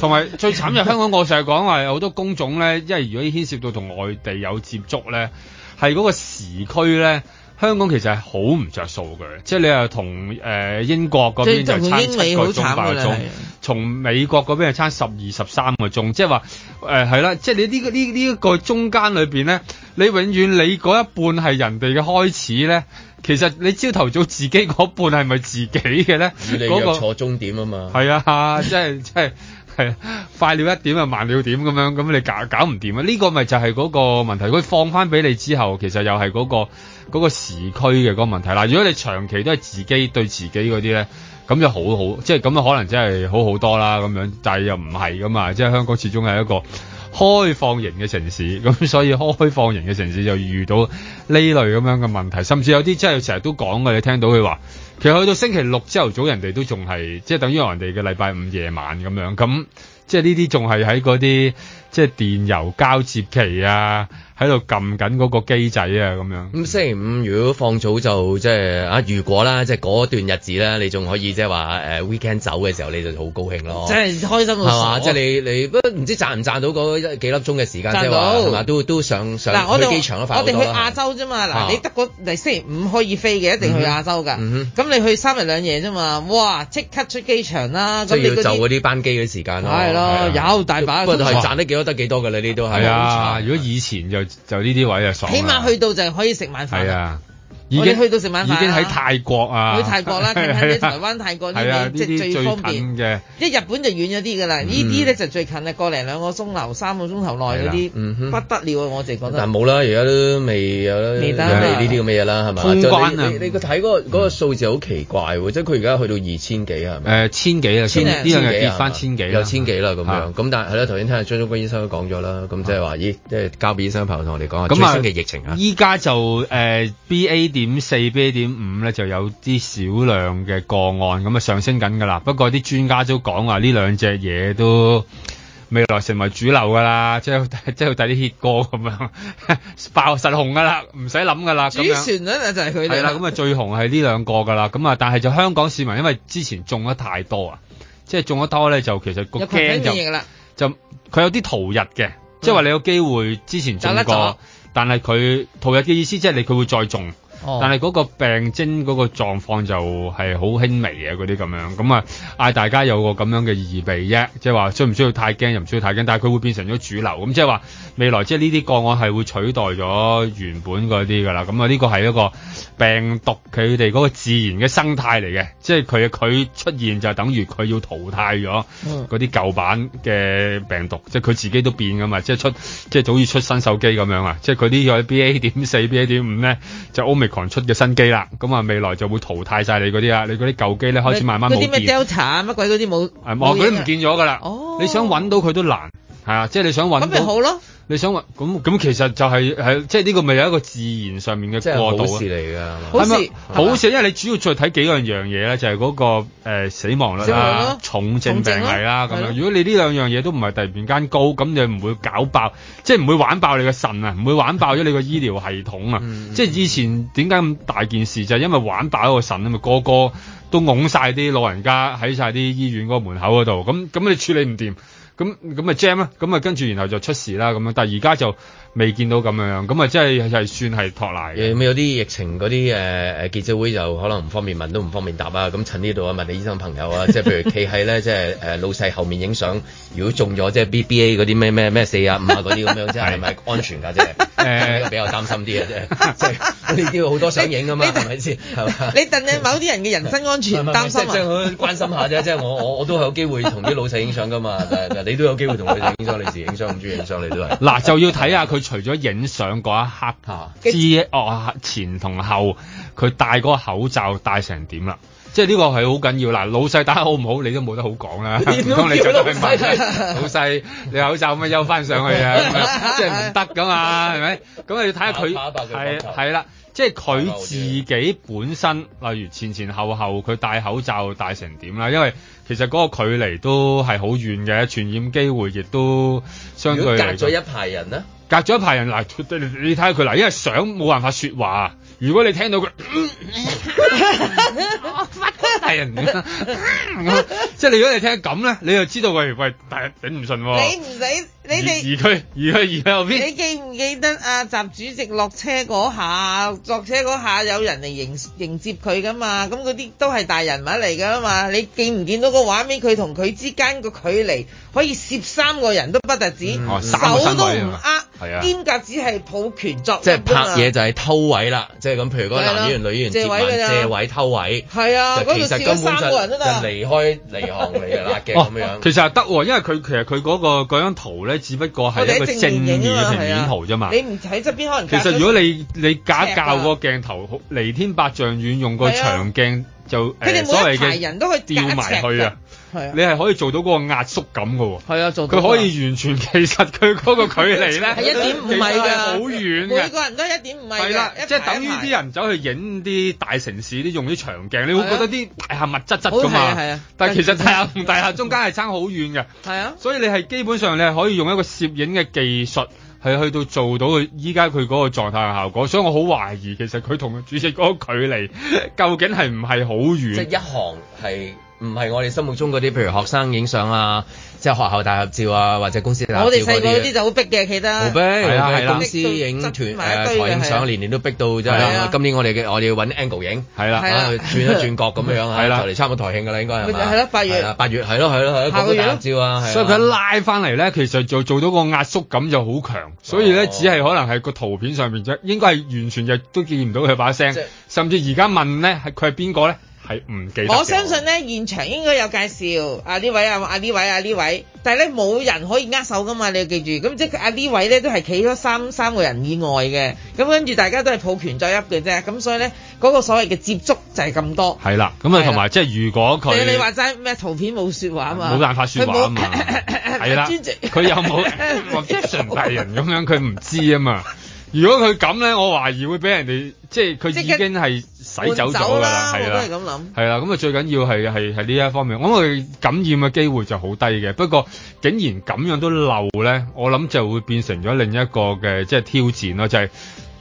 B: 同埋最慘就香港我成日講話有好多工種咧，因為如果牽涉到同外地有接觸咧，係嗰個時區咧，香港其實係好唔着數嘅，即係你又同誒英國嗰邊就差七個鐘八個鐘，從美，美國嗰邊就差十二十三個鐘，即係話誒係啦，即係你、這個這個這個、呢個呢呢一個中間裏邊咧，你永遠你嗰一半係人哋嘅開始咧。其實你朝頭早自己嗰半係咪自己嘅咧？嗰個坐
A: 終點啊嘛、嗰
B: 個，係 啊，即係即係係快了一點啊，慢了一點咁樣，咁你搞搞唔掂啊？呢、呢個咪就係嗰個問題。佢放翻俾你之後，其實又係嗰個嗰、嗰個時區嘅嗰個問題啦。如果你長期都係自己對自己嗰啲咧，咁就好好，即係咁都可能真係好好多啦咁樣。但係又唔係咁啊，即、就、係、係、香港始終係一個。開放型嘅城市，咁所以開放型嘅城市就遇到呢類咁樣嘅問題，甚至有啲真係成日都講㗎，你聽到佢話，其實去到星期六朝頭早人哋都仲係，即係等於人哋嘅禮拜五夜晚咁樣，咁即係呢啲仲係喺嗰啲即係電油交接期啊。喺度撳緊嗰個機仔啊，咁樣。咁星期五如果放早就即係啊，如果啦，
A: 即係嗰段日子啦，你仲可以即係話誒 weekend 走嘅時候，你就好高興咯。真
C: 係開心到傻。係嘛？即係
A: 你你不唔知賺唔賺到嗰幾粒鐘嘅時間？賺到。同埋都都上上去機場咯，快到。我哋去亞
C: 洲啫嘛。嗱，你得嗰星期五可以飛嘅，一定去亞洲㗎。咁你去三日兩夜啫嘛，哇！即刻出機場啦。即要走嗰
A: 啲班機嘅時間啦。係咯，有
C: 大把。不過係賺
B: 得幾多得幾多㗎啦？呢都係。如果以前就。就呢啲位啊，爽，起碼
C: 去到就可以食晚飯，係啊。已經去到食晚已經喺
B: 泰國啊！
C: 去泰國啦，最近啲台灣泰國啲即係最方便嘅。一日本就遠咗啲㗎啦，呢啲咧就最近啊，個零兩個鐘頭、三個鐘頭內嗰啲不得了啊！我哋覺得。但冇
A: 啦，而家都未有未得啦。通關啊！你你睇嗰個嗰個數字好奇怪喎，即係佢而家去到二千幾係
B: 咪？千幾啊？千呢？千幾翻千幾？有千幾
A: 啦咁樣。咁但係咧，頭先聽阿張竹君醫生都講咗啦，咁即係話咦，即係交俾醫生朋友同我哋講下最新嘅疫情
B: 啊！依家就誒 B A 點四比點五咧，就有啲少量嘅個案咁啊，就上升緊噶啦。不過啲專家都講話，呢兩隻嘢都未來成為主流噶啦，即係即係要帶啲 hit 歌咁樣爆實紅噶啦，唔使諗噶啦咁樣。 主旋
C: 律就係佢哋係啦。
B: 咁啊，最紅係呢兩個噶啦。咁啊，但係就香港市民因為之前中得太多啊，即係中得多咧，就其實個 gene 就就，佢有啲逃逸嘅，即係話你有機會之前中過，嗯、但係佢逃逸嘅意思即係你佢會再中。但係嗰個病徵嗰個狀況就係好輕微啊，嗰啲咁樣咁啊，嗌、嗯、大家有個咁樣嘅預備啫，即係話需唔需要太驚又唔需要太驚，但係佢會變成咗主流，咁即係話未來即係呢啲個案係會取代咗原本嗰啲噶啦，咁啊呢個係一個病毒佢哋嗰個自然嘅生態嚟嘅，即係佢佢出現就等於佢要淘汰咗嗰啲舊版嘅病毒，嗯、即係佢自己都變噶嘛，即係出即係好似出新手機咁樣啊，即係佢啲個 B A 點四 B A 點五咧就是、o m 狂出嘅新機啦，咁、嗯、啊未來就會淘汰晒你嗰啲啊，你嗰啲舊機咧開始慢慢冇。嗰啲咩 Delta
C: 乜鬼嗰啲冇，啊冇，嗰啲唔見
B: 咗噶啦，哦，你想揾到佢都難。係啊，即係你想揾，咁咪好咯？你想揾，咁咁其實就係係，即係呢個咪有一個自然上面嘅過渡事嚟噶，係咪？好事，因為你主要再睇幾樣樣嘢咧，就係嗰個誒死亡率啦、重症病例啦咁樣。如果你呢兩樣嘢都唔係突然間高，咁你唔會搞爆，即係唔會玩爆你個腎啊，唔會玩爆咗你個醫療系統啊。即係以前點解咁大件事就係因為玩爆一個腎啊嘛，個個都擁晒啲老人家喺晒啲醫院嗰個門口嗰度，咁咁你處理唔掂。咁咁啊 Jam 啦，咁啊跟住然後就出事啦咁樣，但係而家就未見到咁樣樣，咁啊即係係算係托賴有啲疫情嗰啲誒誒記者會就可能唔方便
A: 問都唔方便答啊，咁趁呢度啊問你醫生朋友啊，即係譬如企喺咧，即係誒老細後面影相，如果中咗即係 BBA 嗰啲咩咩咩四啊五啊嗰啲咁樣，即係咪安全㗎？即係比較擔心啲啊。即係，即係你都要好多相影㗎嘛，係咪先？係
C: 你等某啲人嘅人身安全擔心，即係
A: 關心下啫，即係我我我都係有機會同啲老細影相㗎嘛。你都有機會同佢影張你是影，影相唔中意影相，你都係
B: 嗱，啊，就要睇下佢除咗影相嗰一刻，知哦 前同後，佢戴嗰個口罩戴成點啦，即係呢個係好緊要嗱。老細打得好唔好，你都冇得好講啦，啊，唔通 你就去問 老細，你口罩咁唔可以翻上去啊？即係唔得噶嘛，係咪？咁你要睇下佢，係係啦。打即係佢自己本身，例如前前後後佢戴口罩戴成點啦，因為其實嗰個距離都係好遠嘅，傳染機會亦都相對隔咗一排人啦。隔咗一排人嗱，你睇下佢嗱，因為想冇辦法説話。如果你聽到佢，係人，即係如果你聽咁咧，你就知道喂喂，大人頂唔順喎。你唔
C: 使你哋移去
B: 移去，移去後邊。你
C: 記唔記得阿習主席落車嗰下，坐車嗰下有人嚟迎迎接佢㗎嘛？咁嗰啲都係大人物嚟㗎嘛？你見唔見到個畫面？佢同佢之間個距離可以攝三個人都不達止，手都唔握，兼夾只係抱拳作。即係拍嘢
A: 就係偷位啦。即係咁，譬如嗰個男演員、女演員接吻、借位，位、偷位，
C: 係啊，其實根本就就離開離行離嘅咁
B: 樣。其實係得喎，因為佢其實佢嗰個嗰張圖咧，只不過係一個正面平面圖啫嘛、啊。你唔
C: 喺側邊，可能呃呃其實如果你
B: 你假較個鏡頭、呃、離天百丈遠，用個長鏡就誒所謂嘅人都可以掉埋去啊。呃係啊，你係可以做到嗰個壓縮感㗎喎，哦。係啊，做。佢可以完全其實佢嗰個距離咧係 一點五米㗎，好遠。每個
C: 人都一點五米。係啦，即係等於啲
B: 人走去影啲大城市啲用啲長鏡，你會覺得啲大廈密質質㗎嘛。係啊，啊但係其實大廈同大廈中間係差好遠嘅。係 啊。所以你係基本上你係可以用一個攝影嘅技術係去到做到佢依家佢嗰個狀態嘅效果，所以我好懷疑其實佢同主席嗰個距離究竟係唔係好
A: 遠？即 一
C: 行係。
B: 唔係我哋心目中嗰啲，譬如學生影相啊，即係
A: 學校大合照啊，或者公司大合照嗰啲。我哋細個嗰啲
C: 就好逼嘅，其他冇逼，係啊，係啦，公司
A: 影團台慶相，年年都逼到即係，今年我哋我哋要揾 angle 影，係啦，轉一轉角咁樣啊，就嚟差唔多台慶噶啦，應該係咪？係八月啊，八月係咯係咯係。下個大合照啊，所以
B: 佢拉翻嚟咧，其實就做到個壓縮感就好強，所以咧只係可能係個圖片上面，啫，應該係完全就都見唔到佢把聲，甚至而家問咧係佢係邊個咧？係唔記得？我相
C: 信咧，現場應該有介紹阿呢位啊，阿呢位啊，呢位，但係咧冇人可以握手㗎嘛，你要記住。咁即係阿呢位咧，都係企咗三三個人以外嘅。咁跟住大家都係抱拳在握嘅啫。咁所以咧，嗰個所謂嘅接觸就係咁多。
B: 係啦，咁啊同埋即係如果佢你話
C: 齋咩圖片冇説話嘛？冇辦法説話嘛？係啦，佢有冇 function 大
B: 人咁樣？佢唔知啊嘛？如果佢咁咧，我懷疑會俾人哋即係佢已經係洗走咗㗎啦，係啦，係咁諗，係啦，咁啊最緊要係係係呢一方面，我諗佢感染嘅機會就好低嘅。不過竟然咁樣都漏咧，我諗就會變成咗另一個嘅即係挑戰咯，就係、是。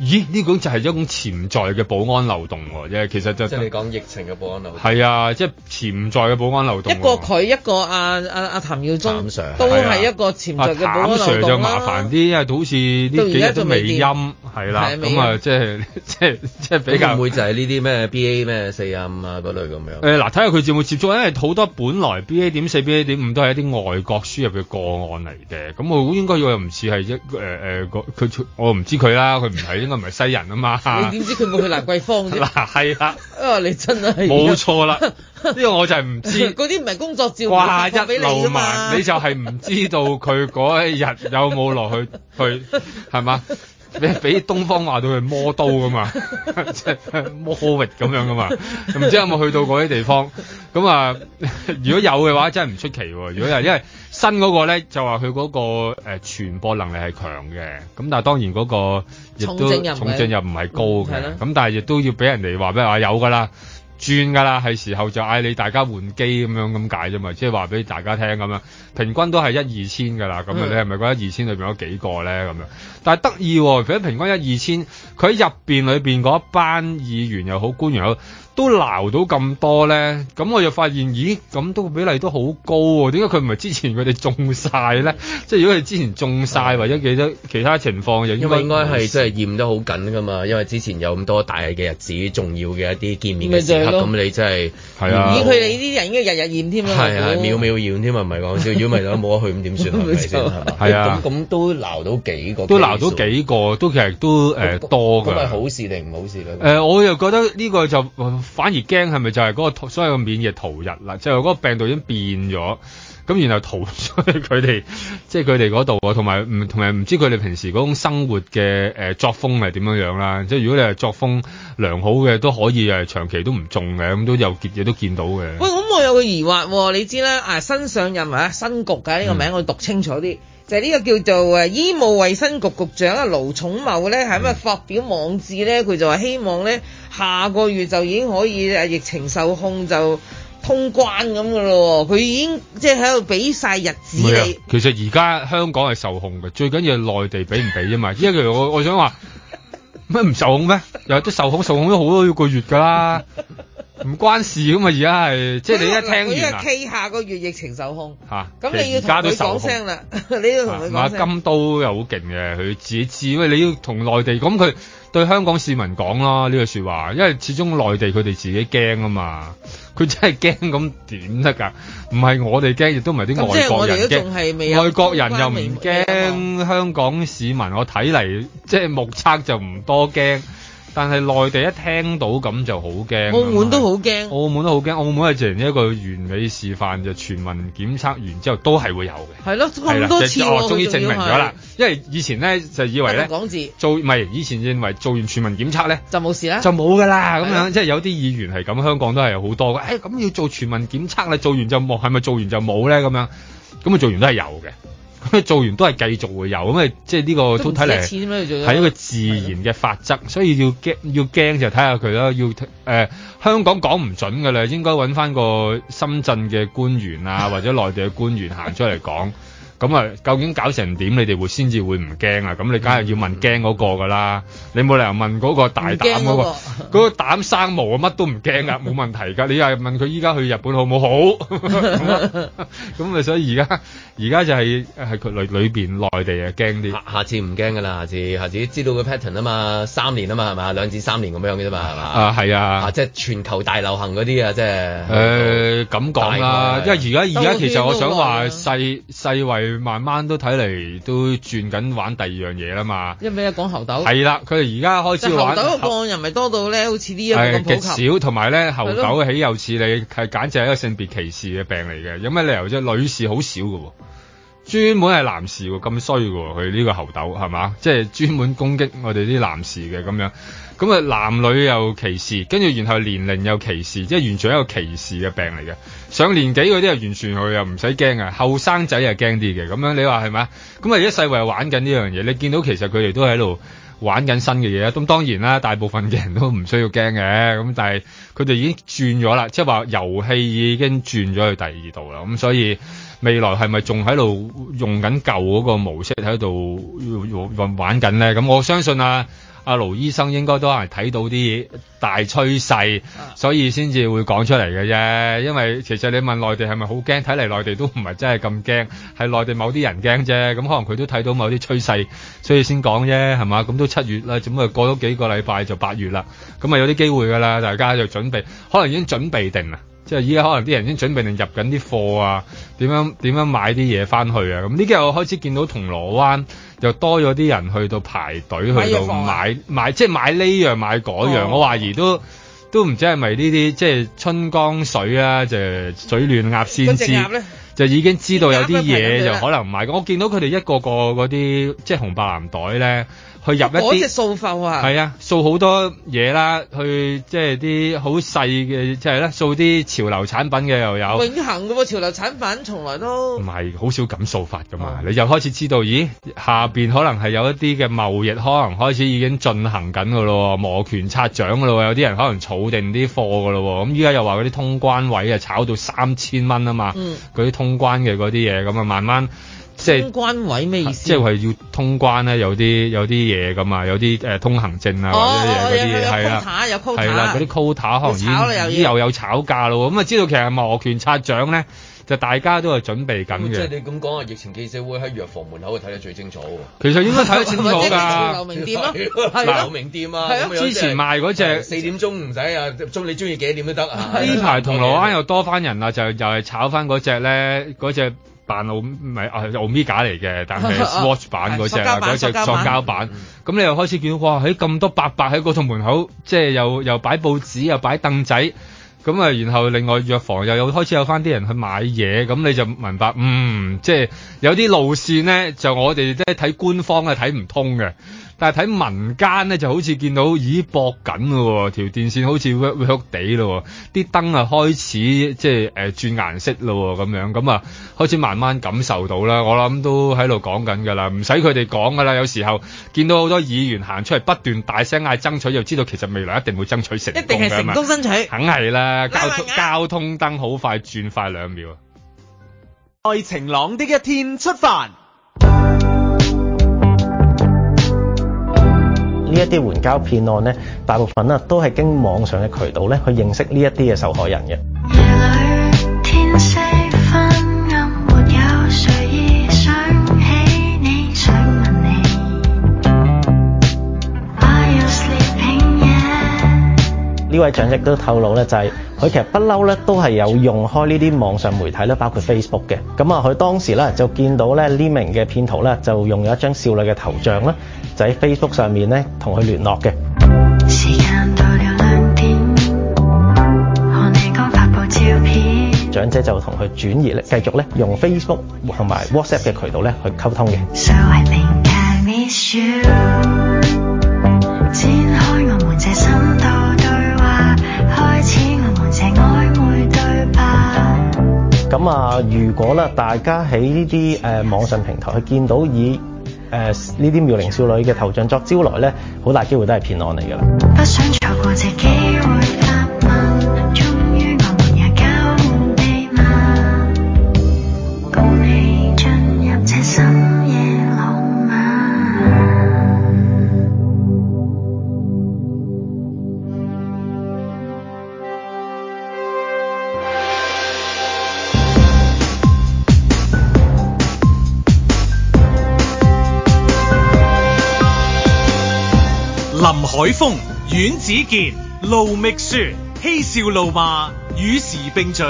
B: 咦？呢個就係一種潛在嘅保安漏洞喎、啊，即係其實就即係你講
C: 疫情嘅保安漏洞
B: 係啊，即係潛在嘅保安漏洞。一個
C: 佢，一個阿阿阿譚耀宗，都係一個潛在嘅保安漏洞、啊啊啊、譚 Sir 就麻煩
B: 啲，因為好似
C: 呢幾日都未陰
A: 係啦，咁啊，即係即係即係比較會唔會就係呢啲咩 BA 咩四啊五啊嗰類咁樣？
B: 誒嗱，睇下佢接唔會接觸咧，因為好多本來 BA 點四、BA 點五都係一啲外國輸入嘅個案嚟嘅，咁我應該要又唔似係一誒誒佢，我唔知佢啦，佢唔係。應該唔係西人啊嘛，你點知
C: 佢冇去蘭桂坊啫？
B: 嗱係啦，
C: 啊、 哦、你真係冇錯
B: 啦，呢 個我就係唔知，
C: 嗰啲唔係工作照，掛一路慢，你，
B: 你就係唔知道佢嗰一日有冇落去去係嘛？ 俾俾 東方話到去魔刀噶嘛，即 係魔霍沃咁樣噶嘛，唔 知有冇去到嗰啲地方？咁 啊，如果有嘅話，真係唔出奇喎。如果係因為新嗰個咧，就話佢嗰個誒、呃、傳播能力係強嘅，咁但係當然嗰個亦都重症又唔係高嘅，咁 的但係亦都要俾人哋話俾話有㗎啦。轉噶啦，係時候就嗌你大家換機咁樣咁解啫嘛，即係話俾大家聽咁樣，平均都係一二千噶啦，咁、嗯、你係咪覺得二千裏邊有幾個咧咁樣，但係得意喎，佢喺平均一二千，佢喺入邊裏邊嗰一班議員又好，嗯、官員又好。都撈到咁多咧，咁我又發現，咦，咁都比例都好高喎，點解佢唔係之前佢哋中晒咧？即係如果佢之前中晒或者幾多其他情況，就應該係因為應該係真係
A: 驗得好緊㗎嘛，因為之前有咁多大嘅日子、重要嘅一啲見面嘅時刻，咁你真係係啊，以佢哋
C: 呢啲人應該日日驗添啊，係係秒
A: 秒驗添啊，唔係講笑，如果唔係冇得
B: 去咁點算係咪先係啊，咁
A: 咁都撈到幾個，都撈到幾
B: 個，都其實都誒多㗎，都係好
A: 事定唔好事咧？
B: 誒，我又覺得呢個就。反而驚係咪就係嗰個所謂個免疫逃逸啦？就係、是、嗰個病毒已經變咗，咁然後逃出去佢哋，即係佢哋嗰度啊。同埋唔同埋唔知佢哋平時嗰種生活嘅誒、呃、作風係點樣樣啦。即係如果你係作風良好嘅，都可以係長期都唔中嘅，咁都有結嘢都見到嘅。
C: 喂、哎，咁我有個疑惑、哦，你知啦，啊新上任啊，新局嘅呢、這個名，我讀清楚啲。嗯就呢個叫做誒醫務衛生局局長啊盧寵茂咧，喺度、嗯、發表網誌咧，佢就話希望咧下個月就已經可以啊疫情受控就通關咁嘅咯，佢已經即係喺度俾晒日子你。啊、
B: 其實而家香港係受控嘅，最緊要係內地俾唔俾吖嘛。因為譬如我我想話，乜唔 受控咩？又都受控，受控咗好多個月㗎啦。 唔關事咁嘛，而家係即係你一聽完啦。佢
C: K 下個月疫情受控，
B: 嚇咁你要同到講聲
C: 啦。你要同佢講金
B: 都又好勁嘅，佢自己知喂。你要同內地咁佢對香港市民講啦呢句説話，因為始終內地佢哋自己驚啊嘛。佢真係驚咁點得㗎？唔係我哋驚，亦都唔係啲外國人驚。外國人又唔驚香港市民我，我睇嚟即係目測就唔多驚。但係內地一聽到咁就好驚，澳門都好驚，澳門都好驚，澳門係呈現一個完美示範就全民檢測完之後都係會有嘅。
C: 係咯的，咁多次我、啊的哦、證明咗問，
B: 因為以前咧就以為咧、嗯、講字做唔係以前認為做完全民檢測咧
C: 就冇事咧，就
B: 冇㗎啦咁樣，即係有啲議員係咁，香港都係好多嘅，誒、哎、咁要做全民檢測啦，做完就冇，係咪做完就冇咧咁樣，咁啊做完都係有嘅。.嗯、做完都係繼續會有，咁、嗯、啊即係、這、呢個都睇嚟係一個自然嘅法則，的所以要驚要驚就睇下佢啦。要誒、呃、香港講唔準嘅啦，應該揾翻個深圳嘅官員啊， 或者內地嘅官員行出嚟講。 咁啊，究竟搞成點，你哋會先至會唔驚啊？咁你梗係要問驚嗰個㗎啦，你冇理由問嗰個大膽嗰、嗰個嗰、嗰個、個膽生毛啊，乜都唔驚啊，冇 問題㗎。你又問佢依家去日本好唔好？好，咁啊，所以而家而家就係係佢裏裏邊內地啊驚啲。下次唔驚噶啦，下次下次知道個 pattern
A: 啊嘛，三年啊嘛係嘛，兩至三年咁樣嘅啫嘛係嘛啊係啊，啊，即係全球大流行嗰啲、欸、
B: 啊即係誒咁講啦，因為而家而家其實我想話世世衛。慢慢都睇嚟都轉緊玩第二樣嘢啦嘛，
C: 因一咩一講猴痘係
B: 啦，佢哋而家開始玩猴痘個
C: 案又咪多到咧，好似啲咁咁普及，極少
B: 同埋咧猴痘豈有此理，你係簡直係一個性別歧視嘅病嚟嘅，有咩理由啫？女士好少嘅喎，專門係男士喎咁衰嘅喎，佢呢個猴痘係嘛？即係專門攻擊我哋啲男士嘅咁樣，咁啊男女又歧視，跟住然後年齡又歧視，即係完全係一個歧視嘅病嚟嘅。上年紀嗰啲又完全佢又唔使驚啊，後生仔係驚啲嘅咁樣。你話係咪？咁啊，而家世圍玩緊呢樣嘢，你見到其實佢哋都喺度玩緊新嘅嘢。咁當然啦，大部分嘅人都唔需要驚嘅。咁但係佢哋已經轉咗啦，即係話遊戲已經轉咗去第二度啦。咁所以未來係咪仲喺度用緊舊嗰個模式喺度玩緊咧？咁我相信啊。阿盧醫生應該都係睇到啲大趨勢，所以先至會講出嚟嘅啫。因為其實你問內地係咪好驚，睇嚟內地都唔係真係咁驚，係內地某啲人驚啫。咁可能佢都睇到某啲趨勢，所以先講啫，係嘛？咁都七月啦，咁啊過咗幾個禮拜就八月啦，咁啊有啲機會㗎啦。大家就準備，可能已經準備定啦。即係依家可能啲人已經準備定入緊啲貨啊，點樣點樣買啲嘢翻去啊。咁呢幾日我開始見到銅鑼灣。又多咗啲人去到排隊去到買買，買，買，買，即係買呢樣買嗰樣。哦、我懷疑都都唔知係咪呢啲即係春江水啊，就係水暖鴨先知，就已經知道有啲嘢就可能唔賣。我見到佢哋一個個嗰啲即係紅白藍袋呢。去入一啲，
C: 掃貨啊！係啊，
B: 掃好多嘢啦，去即係啲好細嘅，即係咧，掃啲潮流產品嘅又有。
C: 永恆嘅喎，潮流產品從來都
B: 唔係，好少咁掃法嘅嘛。嗯、你又開始知道，咦？下邊可能係有一啲嘅貿易，可能開始已經進行緊嘅咯，摩拳擦掌嘅咯，有啲人可能儲定啲貨嘅咯。咁依家又話嗰啲通關位啊，炒到三千蚊啊嘛。嗰啲、嗯、通關嘅嗰啲嘢，咁啊，慢慢。通
C: 關位咩意思？即係話
B: 要通關咧，有啲有啲嘢咁啊，有啲誒通行證啊，嗰啲嘢嗰啲嘢。係啊，係啦，嗰啲 quota 可能已經又有炒價啦喎，咁啊知道其實係摩拳擦掌咧，就大家都係準備緊嘅。即係你
A: 咁講啊，疫情記者會喺藥房門口睇得最清楚喎。其實應該睇得清楚㗎。即係留名店咯，留名店啊。係啊，之前賣嗰隻。四點鐘唔使啊，中你中意幾點都得啊。呢排銅鑼
B: 灣又多翻人啦，就又係炒翻嗰隻咧，嗰隻。扮澳唔係啊，係，奧米茄嚟嘅，但係 Swatch 版嗰隻，嗰隻塑膠版。咁你又開始見到，哇！喺、欸、咁多伯伯喺嗰度門口，即係又又擺報紙，又擺凳仔。咁啊，然後另外藥房又有開始有返啲人去買嘢，咁你就明白，嗯，即係有啲路線咧，就我哋即係睇官方係睇唔通嘅。但係睇民間咧，就好似見到已經搏緊咯喎，條電線好似喐喐地咯喎，啲燈啊開始即係誒轉顏色咯喎，咁樣咁啊開始慢慢感受到啦。我諗都喺度講緊㗎啦，唔使佢哋講㗎啦。有時候見到好多議員行出嚟不斷大聲嗌爭取，就知道其實未來一定會爭取成一定係成功爭取，嗯、肯係啦。交通，交通燈好快轉快兩秒。在晴朗的一天
D: 出發。
A: 呢一啲援交騙案咧，大部分咧都係經網上嘅渠道咧去認識呢一啲嘅受害人
D: 嘅。呢、
A: 啊 yeah? 位長者都透露咧、就是，就係佢其實不嬲咧，都係有用開呢啲網上媒體咧，包括 Facebook 嘅。咁啊，佢當時咧就見到咧呢名嘅騙徒咧，就用咗一張少女嘅頭像啦。仔 Facebook 上面咧同佢聯絡嘅，到
D: 發佈照片，
A: 長者就同佢轉移，咧，繼續咧用 Facebook 同埋 WhatsApp 嘅渠道咧去溝通嘅。
D: So I think I miss you。展開我哋嘅深度對話，開始
A: 咁啊，如果咧大家喺呢啲誒網上平台去見到以誒呢啲妙齡少女嘅頭像作招徠咧，好大機會都係騙案嚟㗎
D: 啦。海峰、阮子健、盧覓雪。嬉笑怒罵，與時並進，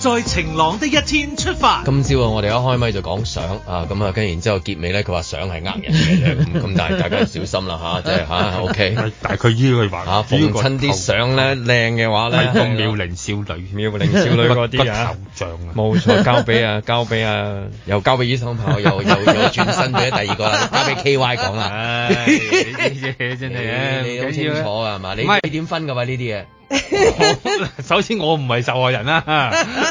D: 在晴朗的一天出發。
A: 今朝啊，我哋一開咪就講相啊，咁啊，跟然之後結尾咧，佢話相係呃人嘅，咁咁但係大家要小心啦吓，即係吓 O K，
B: 大概依句話嚇，逢親啲相咧
A: 靚嘅話咧，妙齡少女，妙齡少女嗰啲啊，頭像，
B: 冇錯，交俾
A: 啊，交俾啊，又交俾醫生朋友，又又轉身俾第二個，交俾 K Y 講啦。呢你諗清楚啊？係嘛？唔係你點分㗎嘛呢啲嘢？
B: 首先我唔係受害人啦，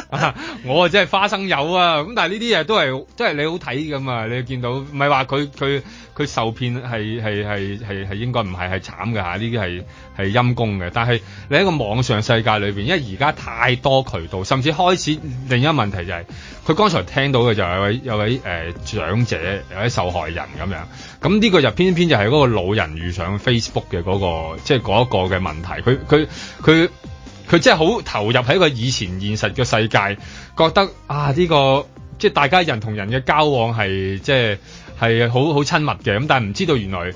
B: 啊， 我啊真係花生友啊，咁但係呢啲嘢都係都係你好睇咁啊，你見到唔係話佢佢佢受騙係係係係係應該唔係係慘嘅吓？呢啲係係陰公嘅，但係你喺個網上世界裏邊，因為而家太多渠道，甚至開始另一個問題就係、是，佢剛才聽到嘅就係有位有位誒、呃、長者有位受害人咁樣。咁呢個片片就偏偏就係嗰個老人遇上 Facebook 嘅嗰、嗰個，即係嗰一個嘅問題。佢佢佢佢即係好投入喺個以前現實嘅世界，覺得啊呢、呢個即係、即係、大家人同人嘅交往係即係係好好親密嘅，咁但係唔知道原來。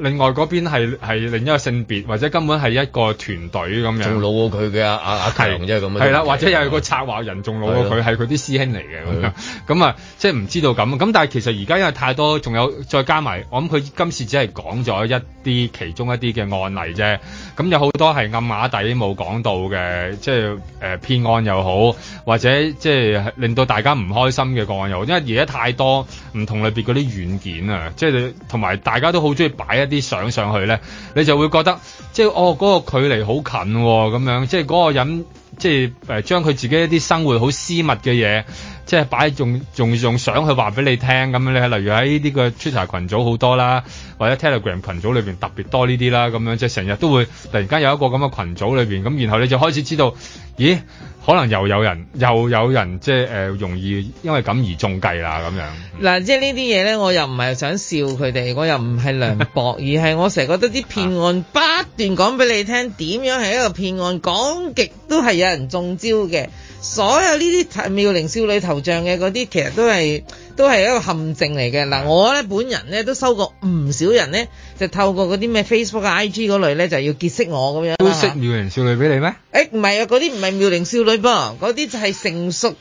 B: 另外嗰邊係係另一個性別，或者根本係一個團隊咁樣。仲老過佢嘅阿阿阿即啫咁啊！係啦 是、啊啊，或者又有個策劃人仲老過佢，係佢啲師兄嚟嘅咁啊，樣嗯、即係唔知道咁。咁但係其實而家因為太多，仲有再加埋，我諗佢今次只係講咗一啲其中一啲嘅案例啫。咁、嗯、有好多係暗啞底冇講到嘅，即係誒、呃、騙案又好，或者即係令到大家唔開心嘅個案又好，因為而家太多唔同類別嗰啲軟件啊，即係同埋大家都好鍾意擺一。啲相上去咧，你就會覺得即係哦嗰、嗰個距離好近喎、哦，咁樣即係嗰個人即係誒將佢自己一啲生活好私密嘅嘢，即係擺仲用用、用相去話俾你聽咁樣咧。你係例如喺呢個 Twitter 羣組好多啦，或者 Telegram 群組裏邊特別多呢啲啦，咁樣即係成日都會突然間有一個咁嘅群組裏邊咁，然後你就開始知道。咦？可能又有人又有人即係誒、呃、容易因為咁而中計啦咁樣。
C: 嗱，即係呢啲嘢咧，我又唔係想笑佢哋，我又唔係涼薄。 而係我成日覺得啲騙案不斷講俾你聽點樣係一個騙案，講極都係有人中招嘅。所有呢啲妙齡少女頭像嘅嗰啲，其實都係。都係一個陷阱嚟嘅，嗱，我咧本人咧都收過唔少人咧，就透過嗰啲咩 Facebook 啊、IG 嗰類咧，就要結識我咁樣。都識
B: 妙齡少女俾你咩？
C: 誒唔係啊，嗰啲唔係妙齡少女噃，嗰啲就係成熟、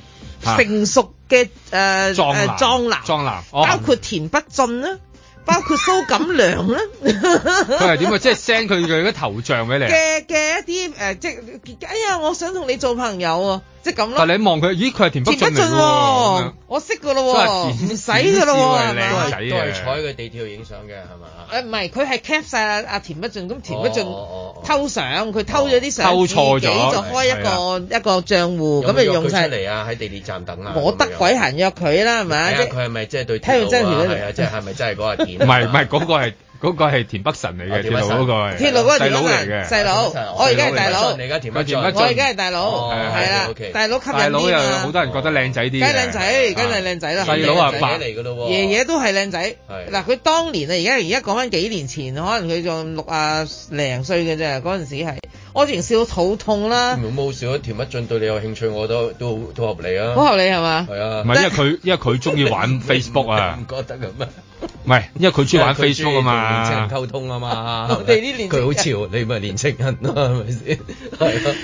C: 啊、成熟嘅誒誒壯男、啊，壯男，哦、包括田北俊啦，包括蘇錦良啦。佢係點啊？
B: 即係 send 佢嘅個頭像俾你。嘅
C: 嘅一啲誒，即係哎呀，我想同你做朋友喎。但你
B: 望佢，咦？佢係田北，田北俊，我識噶咯，
C: 唔使噶咯，係咪？都係
A: 彩佢地鐵度影相嘅，
C: 係咪啊？誒，唔係，佢係 cap 晒阿阿田北俊，咁田北俊偷相，佢偷咗啲相，偷錯咗，自己就開一個一個賬戶，咁就用晒。佢出嚟啊！
A: 喺地鐵站等啊！我
C: 得鬼閒約佢啦，係咪啊？佢
A: 係咪即
B: 係對
C: 電腦啊？係啊，即係咪真係嗰日見？唔係
B: 唔係，嗰個係。嗰個係田北辰嚟
A: 嘅，鐵路嗰
C: 個係。細佬嚟嘅，細佬。我而家係大佬，我而家係大佬，係啦，大佬吸引啲啊！好多人
B: 覺得靚仔啲。梗係靚仔，梗係靚仔啦。細佬啊，白嚟㗎咯
C: 喎。爺爺都係靚仔。係。嗱，佢當年啊，而家而家講緊幾年前，可能佢仲六啊零歲嘅啫，嗰陣時係，我仲笑到肚痛啦。咁
A: 冇少，田北俊對你有興趣，我都都都好合理啊。好合理係
C: 嘛？係啊。唔
B: 係因為佢，因為佢中意玩 Facebook 啊。唔覺得
C: 咁啊？
B: 唔係，因為佢
A: 中意玩 Facebook 啊嘛，年青人溝通啊嘛。我哋啲年青人佢好潮，你咪年青人咯，係咪先？係咯。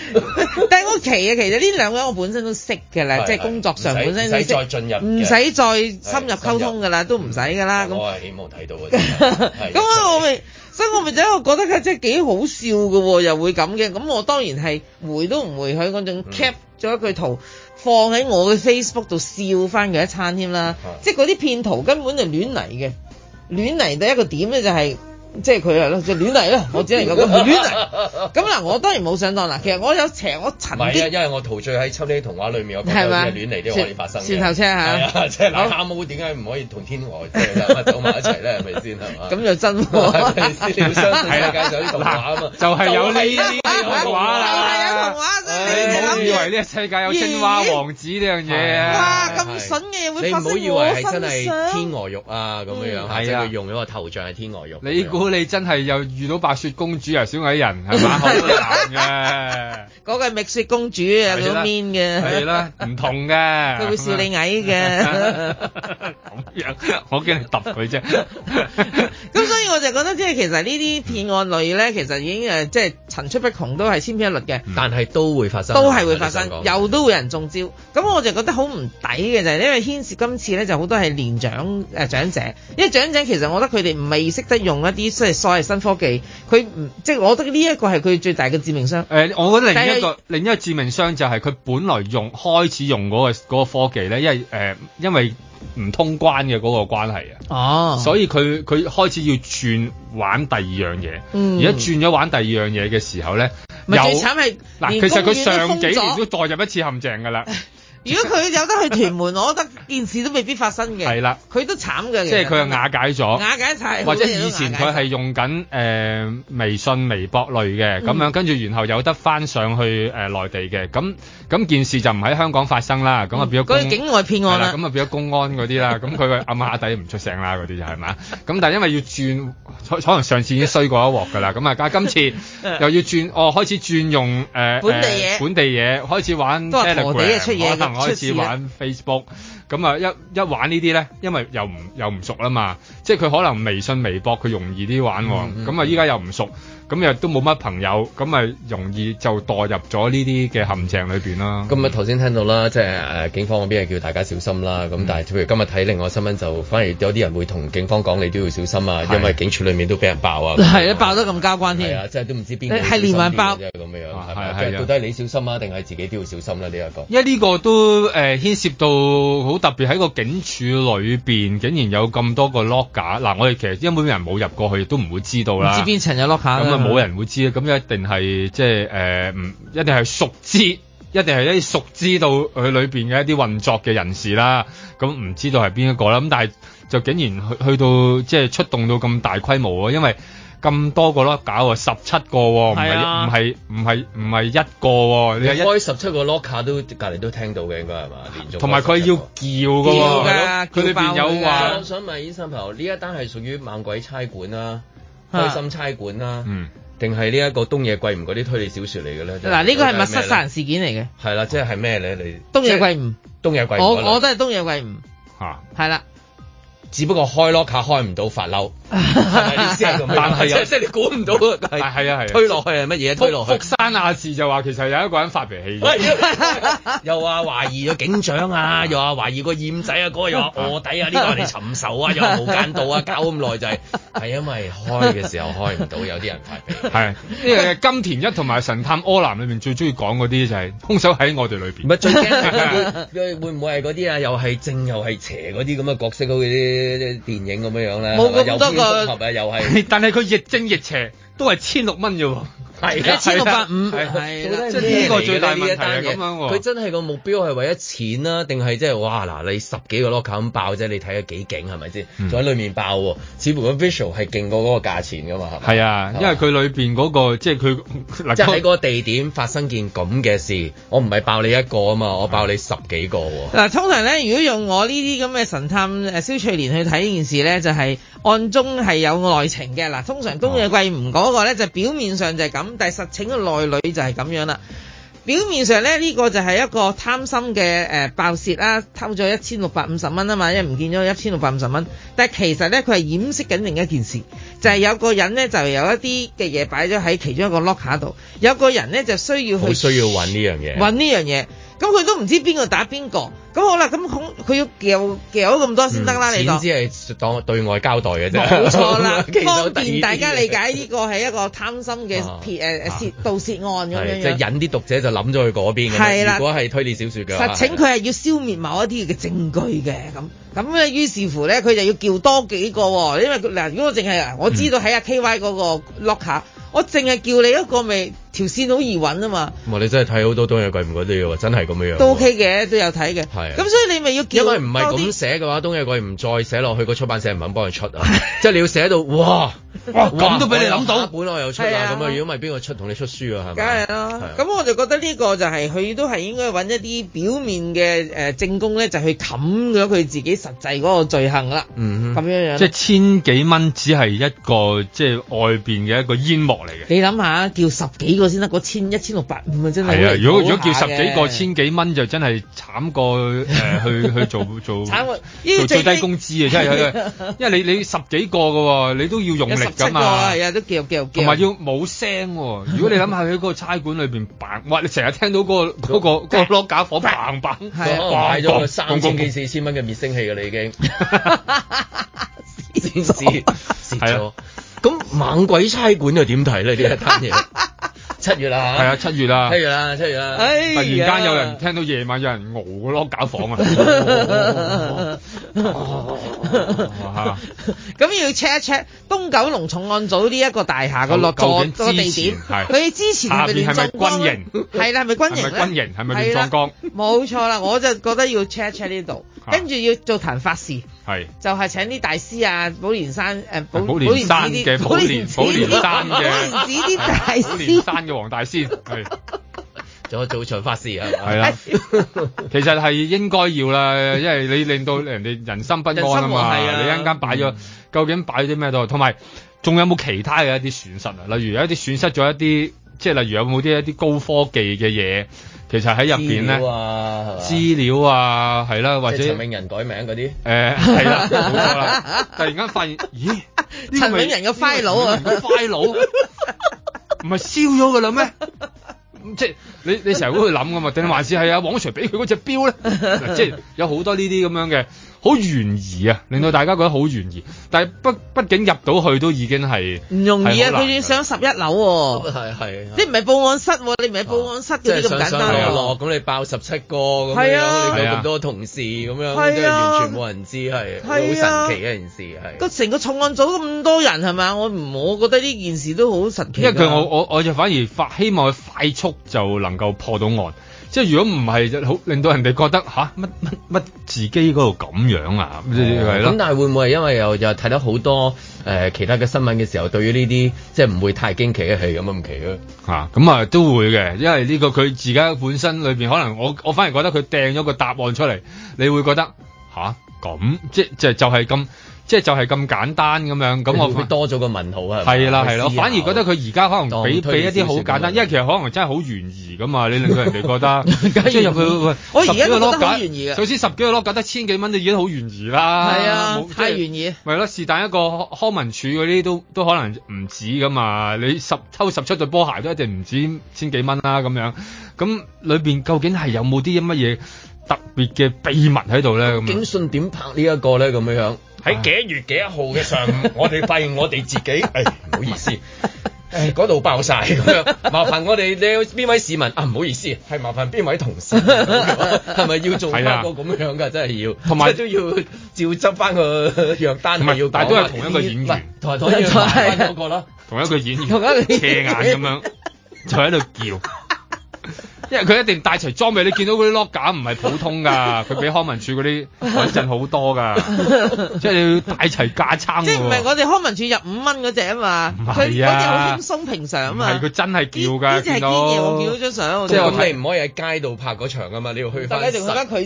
C: 但係我奇啊，其實呢兩個我本身都識嘅啦，即係工作上本身都識，唔
A: 使再進入，唔使
C: 再深入溝通㗎啦，都唔使㗎啦。我係希望
A: 睇到
C: 啊。咁啊，我咪，所以我咪就覺得佢真係幾好笑㗎喎，又會咁嘅。咁我當然係回都唔回佢嗰種 cap 咗佢圖。放喺我嘅 Facebook 度笑翻佢一餐添啦，即係嗰啲騙徒根本就亂嚟嘅。亂嚟第一個點咧就係、是。即係佢係咯，即係亂嚟咯，我只能夠講亂嚟。咁嗱，我當然冇上當啦。其實我有邪惡，我陳啲。唔係啊，
A: 因為我陶醉喺《七哩童話》裏面有好多嘅亂嚟啲可以發生嘅。前後車即係嗱，黑貓點解唔可以同天鵝即走埋一齊咧？係咪先係咁就真喎，先要相信係啦，有啲
C: 童話啊嘛，就係有呢啲童話啦。你唔好以為
B: 呢個世界有青蛙王子呢樣嘢啊，咁筍
C: 嘅會發生我你唔好以為係真係天鵝肉啊咁嘅樣，係啊，
B: 用咗個頭像係天鵝肉。你真係又遇到白雪公主啊，小矮人係嘛？好難嘅。嗰
C: 個蜜雪公主係個面嘅。係啦，唔
B: 同嘅，佢會笑你矮嘅。咁樣，我驚你揼佢啫。
C: 咁所以我就覺得，即係其實呢啲騙案類咧，其實已經誒，即係層出不窮，都係千篇一律嘅。但
A: 係都會發生，都係會發生，又
C: 都會有人中招。咁我就覺得好唔抵嘅就係，因為牽涉今次咧，就好多係年長誒長者，因為長者其實我覺得佢哋唔係識得用一啲。即係所謂新科技，佢即係我覺得呢一個係佢最大嘅致命傷。誒、呃，我覺得另一個
B: 是另一個致命傷就係佢本來用開始用嗰、嗰個嗰個科技咧，因為誒、呃、因為唔通關嘅嗰個關係啊。哦，所以佢佢開始要轉玩第二樣嘢。而家、嗯、轉咗玩第二樣嘢嘅時候咧，有。嗱，其實佢上幾年都墮入一次陷阱㗎啦。
C: 如果佢有得去屯門，我覺得件事都未必發生嘅。係啦，佢都慘嘅。即係佢又瓦
B: 解咗，瓦解
C: 曬。或者以前佢係
B: 用緊誒微信、微博類嘅咁樣，跟住然後有得翻上去誒內地嘅，咁咁件事就唔喺香港發生啦。咁啊變咗。境外騙案啦，咁啊變咗公安嗰啲啦。咁佢暗下底唔出聲啦，嗰啲就係嘛。咁但係因為要轉，可能上次已經衰過一鑊㗎啦。咁啊，今次又要轉，哦開始轉用誒本地嘢，本地嘢開始玩。都係 Telegram 開始玩 Facebook，咁啊，一一玩呢啲咧，因為又唔又唔熟啦嘛，即係佢可能微信、微博佢容易啲玩，咁啊依家又唔熟。咁又都冇乜朋友，咁咪容易就墮入咗呢啲嘅陷阱裏邊啦。咁咪頭先聽到啦，即係誒警方嗰邊係叫大家小心啦。咁、嗯、但係譬如今日睇另外新聞，就
A: 反而有啲人會同警方講你都要小心啊，是因為警署裏面都俾人爆啊。
C: 係啊，啊爆得咁交
A: 關添。啊，即係、啊、都唔知邊個小心係、啊、連環爆咁樣係、啊啊、到底你小心啊，定係自己都要小心啦、啊？呢、這、一個。
B: 因為呢個都誒、呃、牽涉到好特別喺個警署裏邊，竟然有咁多個 locker 嗱、啊，我哋其實一般啲人冇入過去都唔會知道啦。唔知邊
C: 層有 locker 冇人
B: 會知咧，咁一定係即係誒，唔一定係熟知，一定係一啲熟知到佢裏邊嘅一啲運作嘅人士啦。咁唔知道係邊一個啦。咁但係就竟然去去到即係出動到咁大規模喎，因為咁多個 lock 搞，十七個喎，唔係唔係唔係唔係一個喎。
A: 開十七個 locker 都隔籬都聽到嘅，應該係嘛？連續同埋佢要
B: 叫噶，佢裏邊有話。
A: 我想問醫生朋友，呢一單係屬於猛鬼差館啦。開心差館啦、啊，定係呢一個東野圭吾嗰啲推理小說嚟嘅咧？嗱，呢個係密室殺人事件嚟嘅？係啦，即係咩咧？你東野圭吾、就是，東野圭吾，我我都
C: 係東野圭吾，係啦、啊。
B: 只不過開 locker 開唔到發嬲，
D: 意思係
A: 咁，但係又即係即係你管唔
B: 到啊！啊係，推落去係乜嘢？推落去福山雅治就話其實有一個人發脾氣， 又話懷疑個警長啊，又話懷疑個醜仔啊，嗰個
C: 又話臥底啊，呢、呢個你嚟
A: 尋仇啊，又冇無間道啊，搞咁耐就係、係、係因為開嘅時候開唔到，有啲人發
B: 脾氣。係 金田一同埋神探柯南裏面最中意講嗰啲就係兇手喺我哋裏邊。唔
C: 係最驚
B: 會會唔會係嗰啲啊？又係正又係邪嗰啲咁嘅角色嗰啲。啲電影咁樣樣啦，
A: 又
C: 偏複合啊，
B: 又係，但係佢亦正亦邪。都係千六蚊啫喎，係一千六百五，係呢個最大問題。佢
A: 真係個目標係為咗錢啦，定係即係哇嗱，你十幾個 lock 咁爆啫，你睇下幾勁係咪先？仲喺裏面爆喎，似乎個 visual 係勁過嗰個價錢噶嘛，
B: 係啊，因為佢
A: 裏邊嗰個即係佢，即係喺嗰個地點發生件咁嘅事，我唔係爆你一個啊嘛，我爆你十幾個喎。
C: 嗱，通常咧，如果用我呢啲咁嘅神探誒蕭翠蓮去睇呢件事咧，就係暗中係有愛情嘅嗱。通常東野圭吾唔講。嗰個咧就表面上就係咁，但係實情嘅內裏就係咁樣啦。表面上咧呢、呢個就係一個貪心嘅誒、呃、爆竊啦，偷咗一千六百五十蚊啊嘛，因為唔見咗一千六百五十蚊。但係其實咧佢係掩飾緊另一件事，就係、係、有個人咧就有一啲嘅嘢擺咗喺其中一個 locker 度，有個人咧就需要去，
A: 需要搵呢樣嘢，
C: 搵呢樣嘢。咁佢都唔知邊個打邊個。咁好啦，咁恐佢要撬撬咗咁多先得啦，嚟到、嗯。錢
A: 只係當對外交代嘅啫。冇錯啦， 記得 方便大家
C: 理解呢個係一個貪心嘅竊誒誒竊盜竊案咁樣樣。即、就、係、是、
A: 引啲讀者就諗咗去嗰邊咁。係啦、啊，如果係推理小説嘅。實情
C: 佢係要消滅某一啲嘅證據嘅，咁咁咧，於是乎咧，佢就要叫多幾個喎、啊。因為嗱，如果我淨係我知道喺阿 K Y 嗰個 l o c k 下、er, 嗯，我淨係叫你一個，咪條線好易揾啊嘛、嗯。
A: 你真係睇好多東野圭吾嗰啲嘢真係咁樣樣。都 OK
C: 嘅，都有睇嘅。咁所以你咪要叫，因為唔
A: 係咁寫嘅話，東野圭吾唔再寫落去，個出版社唔肯幫佢出啊。 即係你要寫到，哇
C: 咁哇都俾你諗到，我本我又出啦。咁啊，如果
A: 唔係邊個出同你出書啊？係咪？
C: 梗係啦。咁、啊、我就覺得呢個就係、是、佢都係應該揾一啲表面嘅誒、呃、正功咧，就是、去冚咗佢自己實際嗰個罪行啦。嗯哼，咁樣樣。即
B: 係千幾蚊只係一個，即係外邊嘅一個煙幕
C: 嚟嘅。你諗下，叫十幾個先得，嗰千一千六百五啊，1, 真係。係啊，如果如果叫十幾個
B: 千幾蚊，就真係慘過。去去 去做做
C: 做最低工
B: 資啊！真係，因為你你十幾個嘅、啊、喎，你都要用力㗎嘛。有
C: 係啊，都叫叫叫。同埋要
B: 冇聲喎、啊。如果你諗下喺嗰個差館裏邊 bang a 你成日聽到嗰、嗰個嗰、嗰個嗰、嗰、攞、個嗰個、假火 bang bang，買咗三千幾四千蚊嘅滅聲器㗎，你已經
A: 蝕蝕咗。咁猛鬼差館又點睇
B: 呢？呢一單嘢。七月啦，係啊，七月啦，
A: 七月啦，七月啦！突然間有人
B: 聽到夜晚有人熬咯搞房啊！
C: 咁要 check 一 check 東九龍重案組呢一個大廈個落座個地點，佢之前下面係咪軍營？係啦，係咪軍營？係咪軍營？係咪亂葬崗？冇錯啦，我就覺得要 check 一 check 呢度，跟住要做談法事。係，是就係請啲大師啊，寶蓮山誒、呃，寶寶蓮山嘅寶蓮寶蓮山嘅、 啊，寶蓮寺啲大
B: 師，山嘅黃大師，係，做做場法事啊。咪，啦，其實係應該要啦，因為你令到人哋人心不安啊嘛，啊你一陣間擺咗，嗯、究竟擺咗啲咩度？同埋仲有冇其他嘅一啲損失啊？例如有一啲損失咗一啲，即係例如有冇啲一啲高科技嘅嘢？其實喺入邊咧資料啊，係啦、啊，或者陳永仁改名嗰啲，誒係啦，冇錯啦。突然間發現，咦？是是陳永
C: 仁嘅 file 佬啊，file 佬，
B: 唔係 燒咗㗎啦咩？ 即係你你成日會去諗㗎嘛？定還是係阿黃 Sir 俾佢嗰隻表咧？ 即係有好多呢啲咁樣嘅。好懸疑啊，令到大家覺得好懸疑。但係畢畢竟入到去都已經係
C: 唔容易啊！佢哋上十一樓喎，係你唔係報案室喎，你唔係報案室嘅咁簡
A: 單啊！咁，你爆十七個咁樣，你咁多同事咁樣，真係完全冇人知係，好神奇一件事係。個
C: 成個重案組咁多人係咪？我我覺得呢件事都好神奇。因為
B: 佢我我我就反而快希望佢快速就能夠破到案，即係如果唔係，就好令到人哋覺得嚇乜乜乜自己嗰度咁樣啊？係咯、嗯。咁的但係
A: 會唔會係因為又又睇得好多誒、呃、其他嘅新聞嘅時候，對於呢啲即係唔會太驚奇嘅係咁唔奇咯？
B: 嚇、啊，咁啊都會嘅，因為呢個佢自己本身裏邊可能我我反而覺得佢掟咗個答案出嚟，你會覺得吓，咁、啊、即即就係、是、咁。即係就係咁簡單咁樣，咁我佢多咗個問號啊！係啦係啦，反而覺得佢而家可能俾俾一啲好簡單，因為其實可能真係好懸疑噶嘛。你令到人哋覺得即係佢，我而家覺得好懸疑嘅。首先十幾個攞架得千幾蚊，你已經好懸疑啦。係啊，太懸疑。咪係咯，是但一個康文署嗰啲都都可能唔止噶嘛。你十抽十七對波鞋都一定唔止千幾蚊啦。咁樣咁裏邊究竟係有冇啲乜嘢特別嘅秘密喺度咧？警訊點拍呢一個咧？咁樣樣？喺幾月幾號嘅上午，我哋發現我哋自己，誒，唔好意思，
A: 嗰度爆曬咁樣，麻煩我哋你邊位市民？啊，唔好意思，係麻煩邊位同事，係咪要做翻個咁樣㗎？真係要，同埋都要照執翻個
B: 藥單嚟要。但都係同一個演員，同埋同一個嗰個啦，同一個演員斜眼咁樣就喺度叫。因為佢一定帶齊裝備，你見到嗰啲 lock 架唔係普通㗎，佢比康文署嗰啲穩陣好多㗎，即係你要帶齊架撐喎。唔係，我
C: 哋康文署入五蚊嗰隻啊嘛，佢嗰隻好輕鬆平常啊嘛。係佢
B: 真係堅㗎，呢
C: 隻係堅嘢，我見到張相。即係咁你唔
B: 可以喺街度拍嗰場
A: 啊嘛，你要去翻實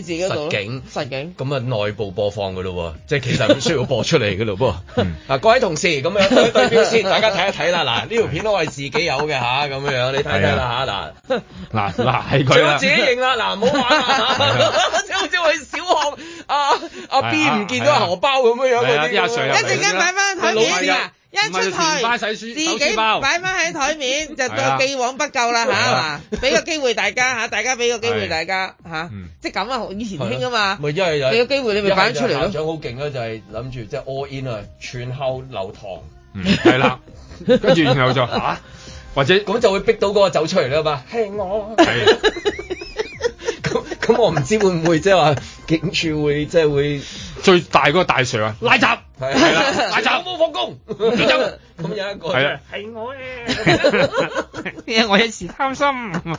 A: 景。實景。咁啊內部播放㗎咯，即係其實唔需要播出嚟㗎咯噃。啊各位同事，咁啊對對表先，大家睇一睇啦。嗱呢條片都係自己有嘅嚇，咁樣樣你睇睇啦嚇。嗱嗱。嗱，係佢啦，我自己認
C: 啦，嗱，唔好玩啦，即好似去小學啊啊 B 唔見到荷包咁樣樣啲，一陣間擺翻喺台面啊，一出台自己擺翻喺台面就都既往不咎啦嚇，俾個機會大家嚇，大家俾個機會大家嚇，即咁啊，以前傾啊嘛，咪因為有個機會你咪擺出嚟咯，
A: 好勁啊，就係諗住即 all in 啊，全校留堂，嗯，
B: 係啦，跟住然後就嚇。
A: 或者咁就會逼到嗰個走出嚟啦嘛，
D: 係我。
A: 係
B: 咁咁我唔知會唔會，即係話警署會，即係會。最大嗰個大 Sir 啊，拉閘係啦，拉閘冇
C: 放工？咁有一個係啦，係我咧，我一時
B: 擔心，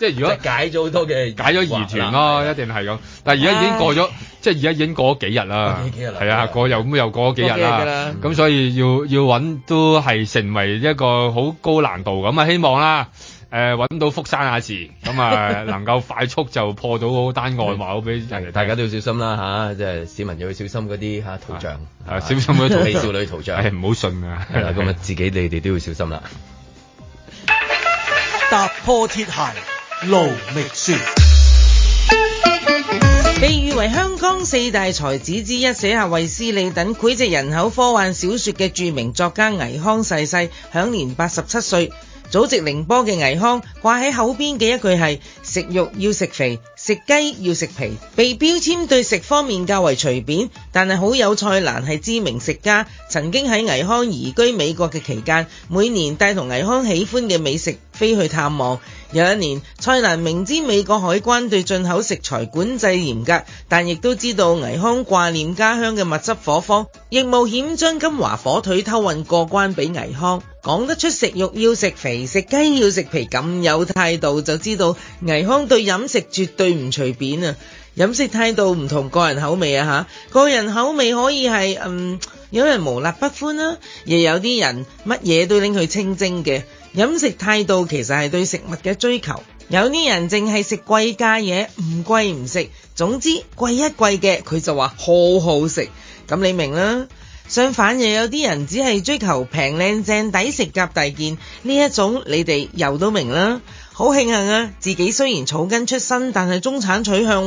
B: 即係如果解咗好多嘅解咗疑團咯，一定係咁。但係而家已經過咗，即係而家已經過咗幾日啦，係啊，過又咁又過咗幾日啦，咁所以要要揾都係成為一個好高難度咁啊，希望啦。誒揾到福山亞詞，咁啊能夠快速就破到嗰單外貿俾， 家 大家都要小心啦嚇，即係市民要小心嗰啲
A: 嚇圖像， 啊、小心嗰啲遊少女圖像，唔好、 哎、信啊！咁啊，自己你哋都要小心啦。
D: 踏破鐵鞋路未説。
C: 被譽為香港四大才子之一，寫下《衛斯理》等膾炙人口科幻小說嘅著名作家倪匡逝世，享年八十七歲。祖籍寧波嘅倪康掛喺口邊嘅一句係：食肉要食肥。食雞要食皮，被標籤對食方面較為隨便，但係好友蔡瀾係知名食家，曾經喺倪匡移居美國嘅期間，每年帶同倪匡喜歡嘅美食飛去探望。有一年，蔡瀾明知美國海關對進口食材管制嚴格，但亦都知道倪匡掛念家鄉嘅蜜汁火方，亦冒險將金華火腿偷運過關俾倪匡。講得出食肉要食肥，食雞要食皮咁有態度，就知道倪匡對飲食絕對唔隨便啊！飲食態度唔同個人口味啊嚇，個人口味可以係嗯，有人無辣不歡啦、啊，又有啲人乜嘢都拎去清蒸嘅。飲食態度其實係對食物嘅追求，有啲人淨係食貴價嘢，唔貴唔食。總之貴一貴嘅佢就話好好食，咁你明啦。相反，又有啲人只係追求平靚正、抵食夾大件呢一種，你哋又都明啦。好慶幸啊，自己雖然草根出身，但係中產取向。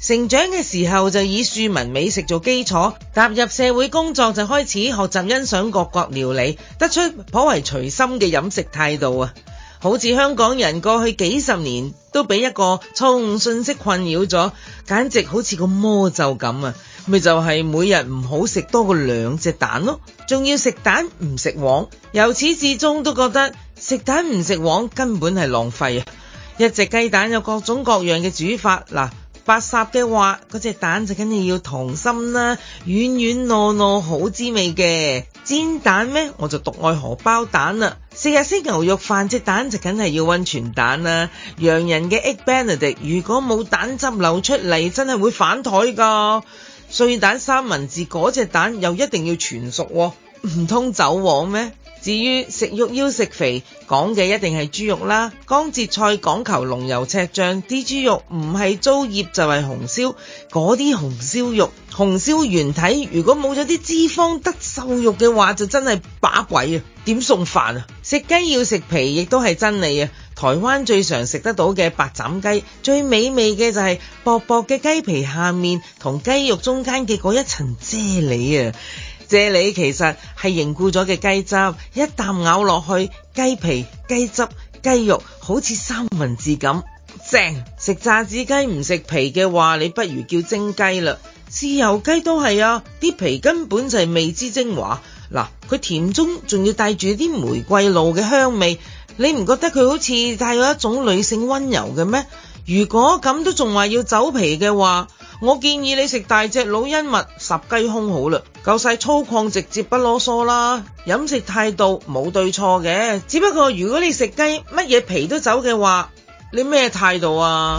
C: 成長嘅時候就以庶民美食做基礎，踏入社會工作就開始學習欣賞各國料理，得出頗為隨心嘅飲食態度啊。好似香港人過去幾十年都俾一個錯誤信息困擾咗，簡直好似個魔咒咁啊！咪就係每日唔好食多過兩隻蛋咯，仲要食蛋唔食黃。由始至終都覺得食蛋唔食黃根本係浪費啊！一隻雞蛋有各種各樣嘅煮法嗱，白烚嘅話嗰隻蛋就梗係要溏心啦，軟軟糯糯好滋味嘅煎蛋咩？我就獨愛荷包蛋啦。食日式牛肉飯隻蛋就梗係要溫泉蛋啦。洋人嘅 egg benedict 如果冇蛋汁流出嚟，真係會反枱㗎。碎蛋三文治嗰隻蛋又一定要全熟啊，唔通走黃咩？至於食肉要食肥，講嘅一定係豬肉啦。江浙菜講求濃油赤醬，啲豬肉唔係糟業就係紅燒嗰啲紅燒肉、紅燒元蹄。如果冇咗啲脂肪得瘦肉嘅話，就真係把鬼啊！點送飯啊？食雞要食皮，亦都係真理啊！台灣最常食得到嘅白斬雞，最美味嘅就係薄薄嘅雞皮下面同雞肉中間嘅嗰一層啫喱啊！啫喱其實係凝固咗嘅雞汁，一啖咬落去，雞皮、雞汁、雞肉好似三文治咁正。食炸子雞唔食皮嘅話，你不如叫蒸雞嘞。豉油雞都係啊，啲皮根本就係味之精華嗱，佢甜中仲要帶住啲玫瑰露嘅香味。你唔覺得佢好似帶有一種女性溫柔嘅咩？如果咁都仲話要走皮嘅話，我建議你食大隻佬恩物十雞胸好啦，夠晒粗獷直接不囉嗦啦。飲食態度冇對錯嘅，只不過如果你食雞乜嘢皮都走嘅話，你咩態度啊？